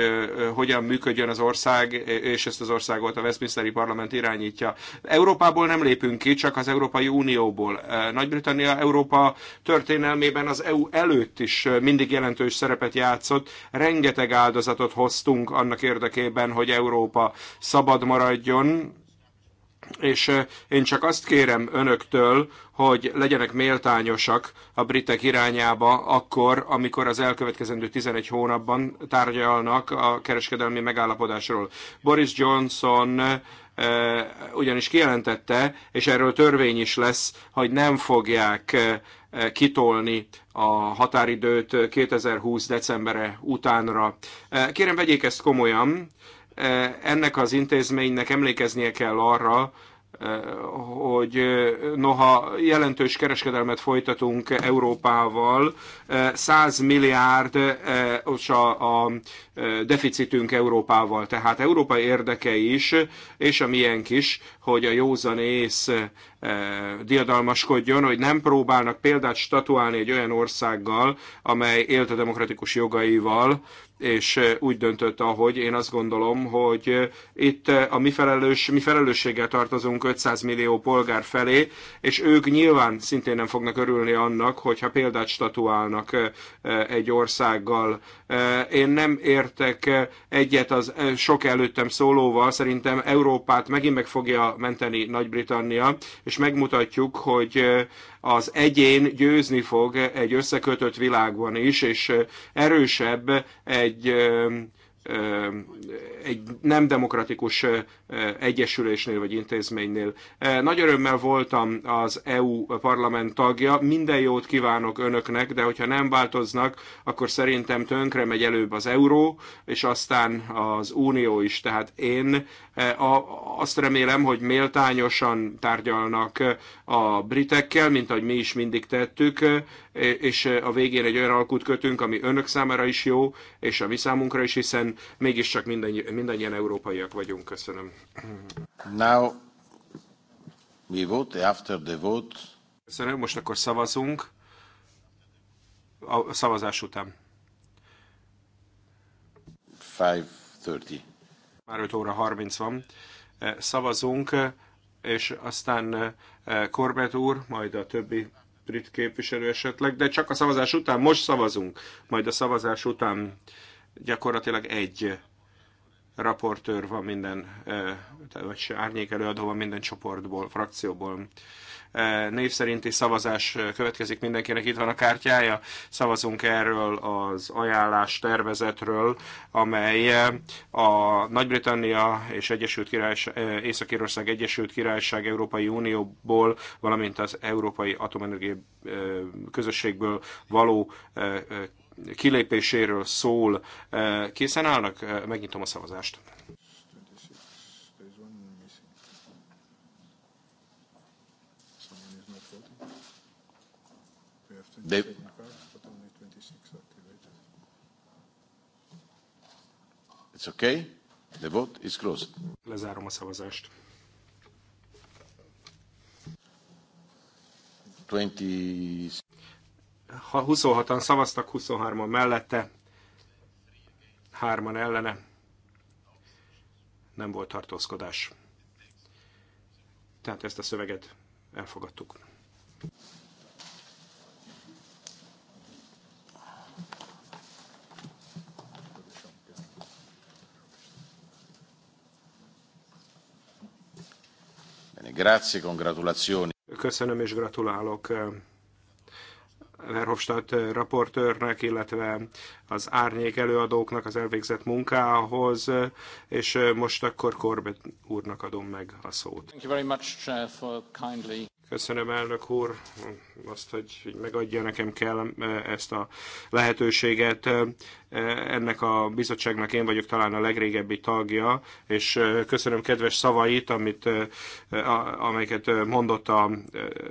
hogyan működjön az ország, és ezt az országot a Westminsteri Parlament irányítja. Európából nem lépünk ki, csak az Európai Unióból. Nagy-Britannia Európa történelmében az EU előtt is mindig jelentős szerepet játszott. Rengeteg áldozatot hoztunk annak érdekében, hogy Európa szabad maradjon és én csak azt kérem önöktől, hogy legyenek méltányosak a britek irányába akkor, amikor az elkövetkezendő 11 hónapban tárgyalnak a kereskedelmi megállapodásról. Boris Johnson ugyanis kijelentette, és erről törvény is lesz, hogy nem fogják kitolni a határidőt 2020. decembere utánra. Kérem, vegyék ezt komolyan, ennek az intézménynek emlékeznie kell arra, hogy noha jelentős kereskedelmet folytatunk Európával, 100 milliárd a, a deficitünk Európával, tehát Európa érdeke is, és a milyen is, hogy a józan ész diadalmaskodjon, hogy nem próbálnak példát statuálni egy olyan országgal, amely élt a demokratikus jogaival, és úgy döntött, ahogy én azt gondolom, hogy itt a mi, felelős, mi felelősséggel tartozunk 500 millió polgár felé, és ők nyilván szintén nem fognak örülni annak, hogyha példát statuálnak egy országgal. Én nem értek egyet az sok előttem szólóval, szerintem Európát megint meg fogja menteni Nagy-Britannia, és megmutatjuk, hogy az egyén győzni fog egy összekötött világban is, és erősebb egy egy nem demokratikus egyesülésnél vagy intézménynél. Nagy örömmel voltam az EU parlament tagja, minden jót kívánok önöknek, de hogyha nem változnak, akkor szerintem tönkre megy előbb az euró, és aztán az unió is. Tehát én azt remélem, hogy méltányosan tárgyalnak a britekkel, mint ahogy mi is mindig tettük, és e, a végén egy olyan alkut kötünk, ami önök számára is jó, és a mi számunkra is, hiszen mégiscsak minden, mindannyian európaiak vagyunk. Köszönöm. Now we vote after the vote. Köszönöm, most akkor szavazunk a szavazás után. 5.30. Már 5 óra 30 van. E, szavazunk, és aztán Korbett e, úr, majd a többi brit képviselő esetleg, de csak a szavazás után, most szavazunk, majd a szavazás után gyakorlatilag egy raportőr van minden, eh, vagy árnyék előadó van minden csoportból, frakcióból. Eh, név szerinti szavazás eh, következik, mindenkinek itt van a kártyája. Szavazunk erről az ajánlás tervezetről, amely eh, a Nagy-Britannia és Egyesült Királyság, Észak-Írország Egyesült Királyság Európai Unióból, valamint az Európai Atomenergia Közösségből való kilépéséről szól. Készen állnak? Megnyitom a szavazást. De... It's okay. The vote is closed. Lezárom a szavazást. 20... Ha 26-an szavaztak, 23-an mellette, 3-an ellene. Nem volt tartózkodás. Tehát ezt a szöveget elfogadtuk. Grazie, congratulazioni. Köszönöm és gratulálok eh, Verhofstadt eh, raportőrnek, illetve az árnyék előadóknak az elvégzett munkához, eh, és most akkor Corbett úrnak adom meg a szót. Köszönöm, elnök úr, azt, hogy megadja nekem kell ezt a lehetőséget. Ennek a bizottságnak én vagyok talán a legrégebbi tagja, és köszönöm kedves szavait, amit, amelyeket mondott a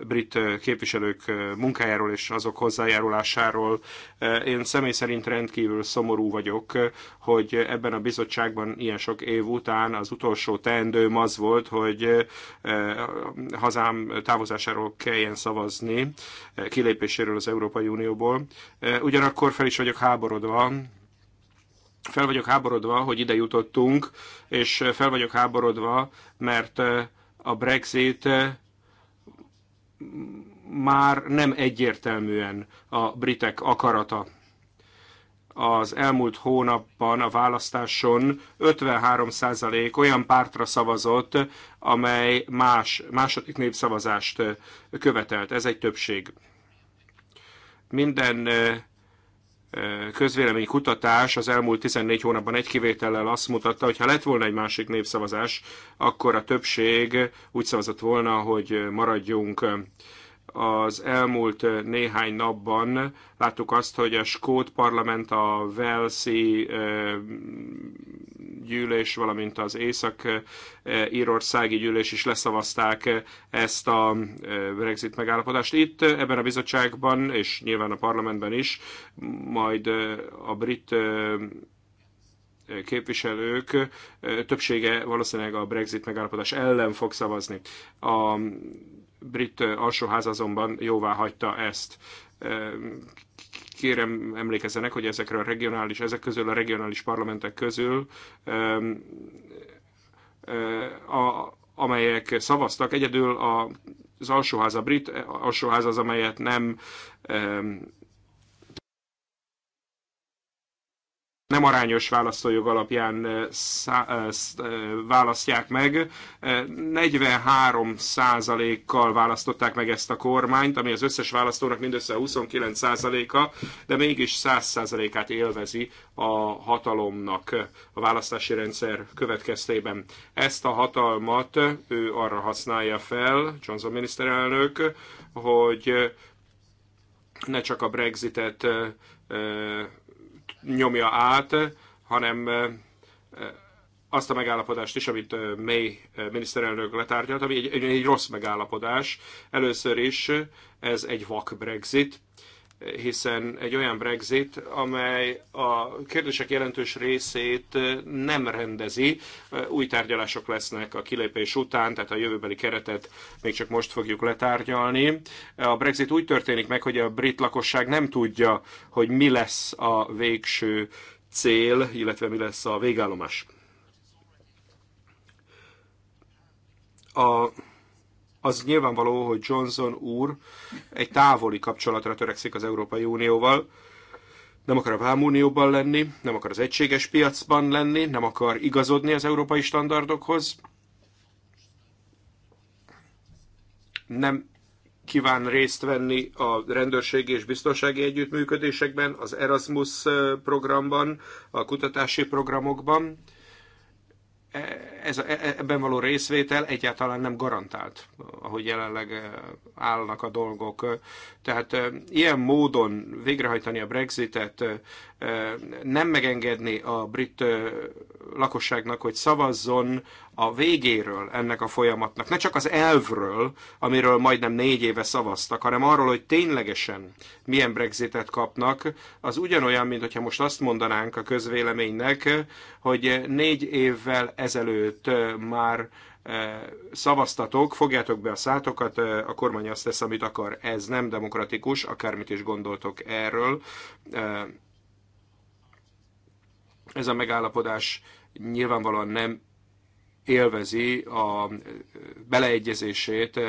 brit képviselők munkájáról és azok hozzájárulásáról. Én személy szerint rendkívül szomorú vagyok, hogy ebben a bizottságban ilyen sok év után az utolsó teendőm az volt, hogy hazám távozásáról kelljen szavazni, kilépéséről az Európai Unióból. Ugyanakkor fel is vagyok háborodva, fel vagyok háborodva, hogy ide jutottunk, és fel vagyok háborodva, mert a Brexit már nem egyértelműen a britek akarata. Az elmúlt hónapban a választáson 53% olyan pártra szavazott, amely más, második népszavazást követelt. Ez egy többség. Minden közvéleménykutatás az elmúlt 14 hónapban egy kivétellel azt mutatta, hogy ha lett volna egy másik népszavazás, akkor a többség úgy szavazott volna, hogy maradjunk az elmúlt néhány napban láttuk azt, hogy a Skót parlament, a Velszi gyűlés, valamint az Észak-Írországi gyűlés is leszavazták ezt a Brexit megállapodást. Itt ebben a bizottságban, és nyilván a parlamentben is, majd a brit képviselők többsége valószínűleg a Brexit megállapodás ellen fog szavazni. A brit alsóház azonban jóvá hagyta ezt kérem emlékezzenek, hogy ezekre a regionális, ezek közül a regionális parlamentek közül, a, amelyek szavaztak, egyedül a, az alsóház, a brit alsóház az, amelyet nem nem arányos választójog alapján szá, választják meg. 43 kal választották meg ezt a kormányt, ami az összes választónak mindössze 29 a de mégis 100 át élvezi a hatalomnak a választási rendszer következtében. Ezt a hatalmat ő arra használja fel, Johnson miniszterelnök, hogy ne csak a Brexitet nyomja át, hanem azt a megállapodást is, amit May miniszterelnök letárgyalt, ami egy, egy, egy rossz megállapodás. Először is ez egy vak Brexit, hiszen egy olyan Brexit, amely a kérdések jelentős részét nem rendezi. Új tárgyalások lesznek a kilépés után, tehát a jövőbeli keretet még csak most fogjuk letárgyalni. A Brexit úgy történik meg, hogy a brit lakosság nem tudja, hogy mi lesz a végső cél, illetve mi lesz a végállomás. A az nyilvánvaló, hogy Johnson úr egy távoli kapcsolatra törekszik az Európai Unióval, nem akar a vámunióban lenni, nem akar az egységes piacban lenni, nem akar igazodni az európai standardokhoz, nem kíván részt venni a rendőrségi és biztonsági együttműködésekben, az Erasmus eh, programban, a kutatási programokban ez, e, e, ebben való részvétel egyáltalán nem garantált, ahogy jelenleg e, állnak a dolgok. Tehát ilyen módon végrehajtani a Brexitet nem megengedni a brit lakosságnak, hogy szavazzon a végéről ennek a folyamatnak, ne csak az elvről, amiről majdnem négy éve szavaztak, hanem arról, hogy ténylegesen milyen Brexitet kapnak, az ugyanolyan, mint hogyha most azt mondanánk a közvéleménynek, hogy négy évvel ezelőtt már szavaztatok, fogjátok be a szátokat, a kormány azt tesz, amit akar. Ez nem demokratikus, akármit is gondoltok erről. Ez a megállapodás nyilvánvalóan nem élvezi a beleegyezését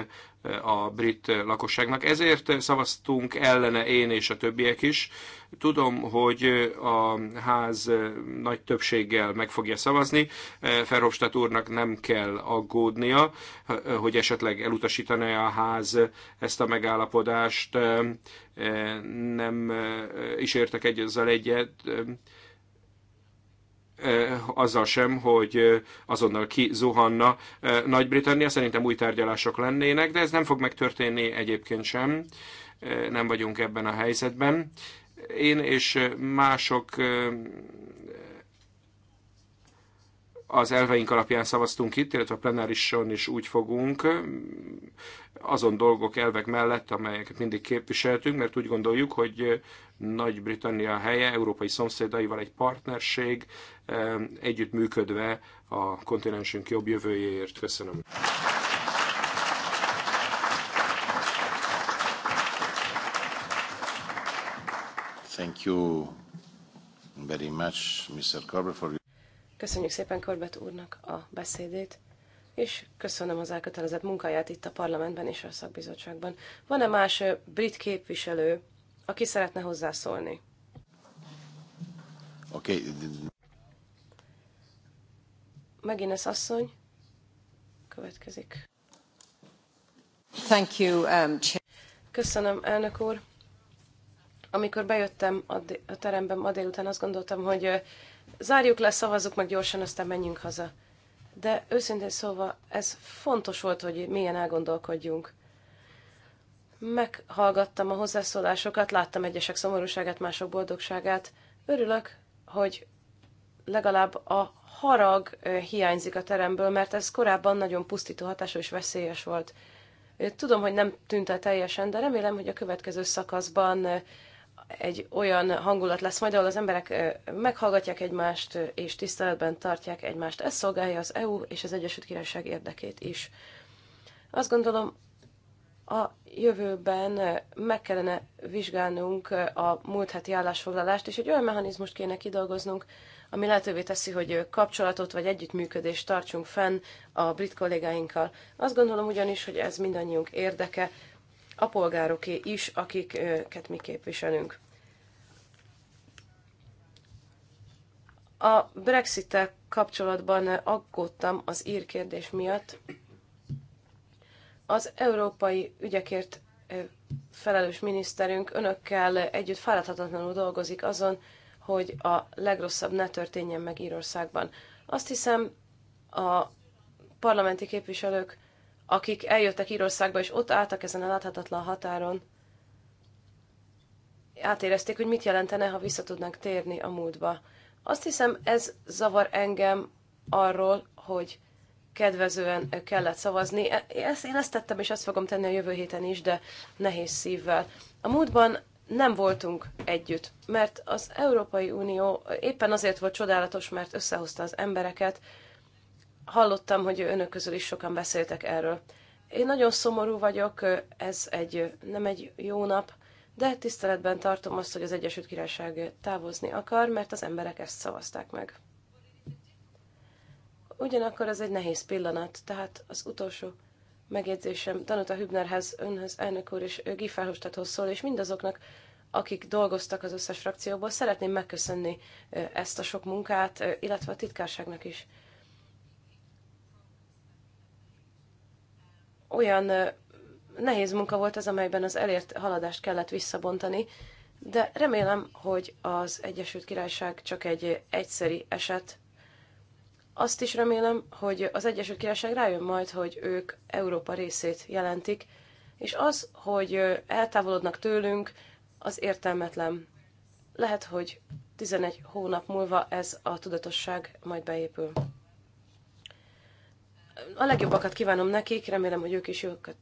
a brit lakosságnak. Ezért szavaztunk ellene én és a többiek is. Tudom, hogy a ház nagy többséggel meg fogja szavazni. Ferhofstadt úrnak nem kell aggódnia, hogy esetleg elutasítaná a ház ezt a megállapodást. Nem is értek egy ezzel egyet azzal sem, hogy azonnal kizuhanna Nagy-Britannia. Szerintem új tárgyalások lennének, de ez nem fog megtörténni egyébként sem. Nem vagyunk ebben a helyzetben. Én és mások az elveink alapján szavaztunk itt, illetve a plenárison is úgy fogunk azon dolgok, elvek mellett, amelyeket mindig képviseltünk, mert úgy gondoljuk, hogy Nagy-Britannia helye európai szomszédaival egy partnerség, együttműködve a kontinensünk jobb jövőjéért. Köszönöm. Thank you very much, Mr. Corbett, for... Köszönjük szépen Corbett úrnak a beszédét és köszönöm az elkötelezett munkáját itt a parlamentben és a szakbizottságban. Van-e más brit képviselő, aki szeretne hozzászólni? Oké. Okay. Megint ez asszony. Következik. Thank you, um, Köszönöm, elnök úr. Amikor bejöttem a, teremben ma délután, azt gondoltam, hogy zárjuk le, szavazzuk meg gyorsan, aztán menjünk haza de őszintén szóval ez fontos volt, hogy milyen elgondolkodjunk. Meghallgattam a hozzászólásokat, láttam egyesek szomorúságát, mások boldogságát. Örülök, hogy legalább a harag hiányzik a teremből, mert ez korábban nagyon pusztító hatású és veszélyes volt. Tudom, hogy nem tűnt el teljesen, de remélem, hogy a következő szakaszban egy olyan hangulat lesz majd, ahol az emberek meghallgatják egymást, és tiszteletben tartják egymást. Ez szolgálja az EU és az Egyesült Királyság érdekét is. Azt gondolom, a jövőben meg kellene vizsgálnunk a múlt heti állásfoglalást, és egy olyan mechanizmust kéne kidolgoznunk, ami lehetővé teszi, hogy kapcsolatot vagy együttműködést tartsunk fenn a brit kollégáinkkal. Azt gondolom ugyanis, hogy ez mindannyiunk érdeke, a polgároké is, akiket mi képviselünk. A brexit kapcsolatban aggódtam az ír kérdés miatt. Az európai ügyekért felelős miniszterünk önökkel együtt fáradhatatlanul dolgozik azon, hogy a legrosszabb ne történjen meg Írországban. Azt hiszem, a parlamenti képviselők akik eljöttek Írországba, és ott álltak ezen a láthatatlan határon, átérezték, hogy mit jelentene, ha vissza tudnánk térni a múltba. Azt hiszem, ez zavar engem arról, hogy kedvezően kellett szavazni. E- ezt, én ezt tettem, és ezt fogom tenni a jövő héten is, de nehéz szívvel. A múltban nem voltunk együtt, mert az Európai Unió éppen azért volt csodálatos, mert összehozta az embereket, Hallottam, hogy önök közül is sokan beszéltek erről. Én nagyon szomorú vagyok, ez egy nem egy jó nap, de tiszteletben tartom azt, hogy az Egyesült Királyság távozni akar, mert az emberek ezt szavazták meg. Ugyanakkor ez egy nehéz pillanat, tehát az utolsó megjegyzésem Danuta Hübnerhez, önhöz, elnök úr és Guy Verhofstadthoz szól, és mindazoknak, akik dolgoztak az összes frakcióból, szeretném megköszönni eh, ezt a sok munkát, eh, illetve a titkárságnak is. olyan nehéz munka volt ez, amelyben az elért haladást kellett visszabontani, de remélem, hogy az Egyesült Királyság csak egy egyszeri eset. Azt is remélem, hogy az Egyesült Királyság rájön majd, hogy ők Európa részét jelentik, és az, hogy eltávolodnak tőlünk, az értelmetlen. Lehet, hogy 11 hónap múlva ez a tudatosság majd beépül a legjobbakat kívánom nekik, remélem, hogy ők is jókat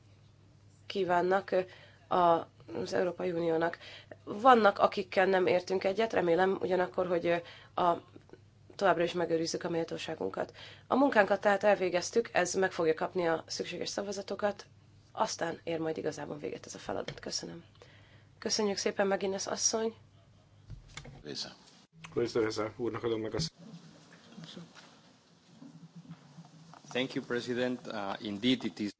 kívánnak az Európai Uniónak. Vannak, akikkel nem értünk egyet, remélem ugyanakkor, hogy a továbbra is megőrizzük a méltóságunkat. A munkánkat tehát elvégeztük, ez meg fogja kapni a szükséges szavazatokat, aztán ér majd igazából véget ez a feladat. Köszönöm. Köszönjük szépen megint az asszony. Vissza. Köszönöm. úrnak adom meg azt. Thank you, President. Uh, indeed it is.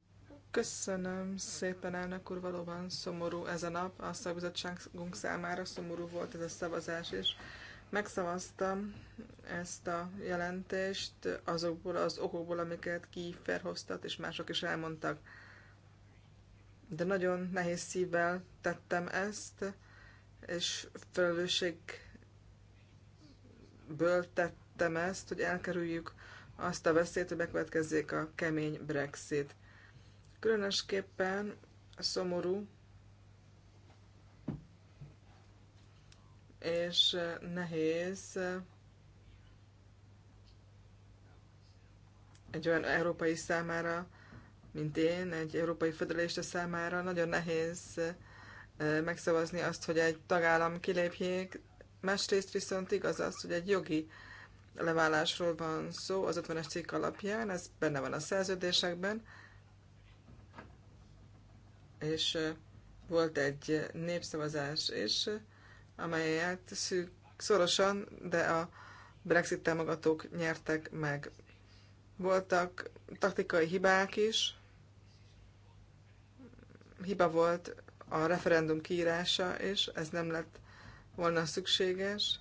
Köszönöm szépen, elnök úr, valóban szomorú ez a nap. A szakbizottságunk számára szomorú volt ez a szavazás és Megszavaztam ezt a jelentést azokból az okokból, amiket ki felhoztat, és mások is elmondtak. De nagyon nehéz szívvel tettem ezt, és felelősségből tettem ezt, hogy elkerüljük azt a veszélyt, hogy bekövetkezzék a kemény Brexit. Különösképpen a szomorú és nehéz egy olyan európai számára, mint én, egy európai föderalista számára nagyon nehéz megszavazni azt, hogy egy tagállam kilépjék. Másrészt viszont igaz az, hogy egy jogi leválásról van szó az 50-es cikk alapján, ez benne van a szerződésekben, és volt egy népszavazás is, amelyet szűk, szorosan, de a Brexit támogatók nyertek meg. Voltak taktikai hibák is, hiba volt a referendum kiírása, és ez nem lett volna szükséges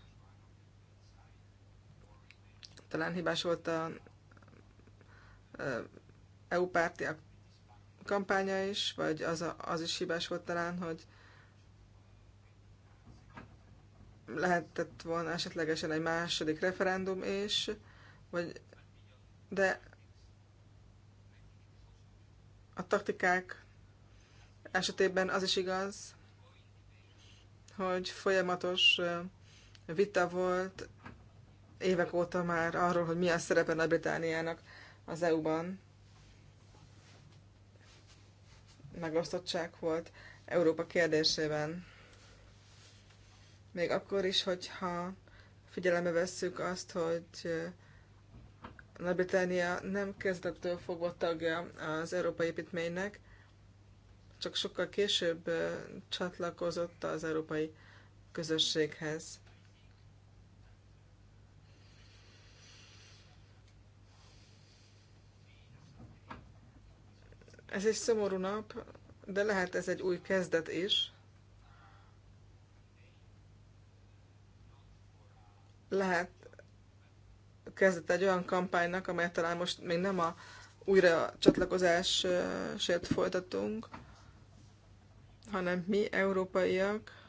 talán hibás volt a EU pártiak kampánya is, vagy az, a, az is hibás volt talán, hogy lehetett volna esetlegesen egy második referendum is, vagy, de a taktikák esetében az is igaz, hogy folyamatos vita volt évek óta már arról, hogy mi a szerepe Nagy-Britániának az EU-ban. Megosztottság volt Európa kérdésében. Még akkor is, hogyha figyelembe vesszük azt, hogy nagy británia nem kezdettől fogva tagja az Európai Építménynek, csak sokkal később csatlakozott az Európai Közösséghez. Ez egy szomorú nap, de lehet ez egy új kezdet is. Lehet kezdet egy olyan kampánynak, amelyet talán most még nem a újra csatlakozásért folytatunk, hanem mi, európaiak,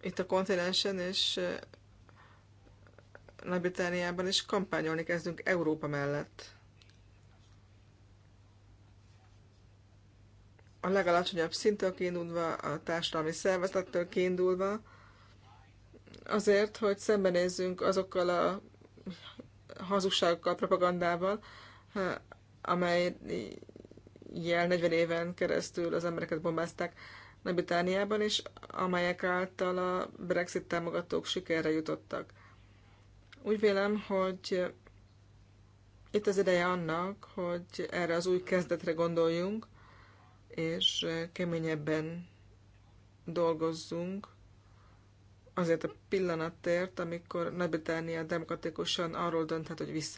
itt a kontinensen és Nagy-Britániában is kampányolni kezdünk Európa mellett. a legalacsonyabb szintől kiindulva, a társadalmi szervezettől kiindulva, azért, hogy szembenézzünk azokkal a hazugságokkal, propagandával, amely jel 40 éven keresztül az embereket bombázták Nagy-Britániában, is, amelyek által a Brexit támogatók sikerre jutottak. Úgy vélem, hogy itt az ideje annak, hogy erre az új kezdetre gondoljunk, és keményebben dolgozzunk azért a pillanatért, amikor Nagy-Britannia demokratikusan arról dönthet, hogy vissza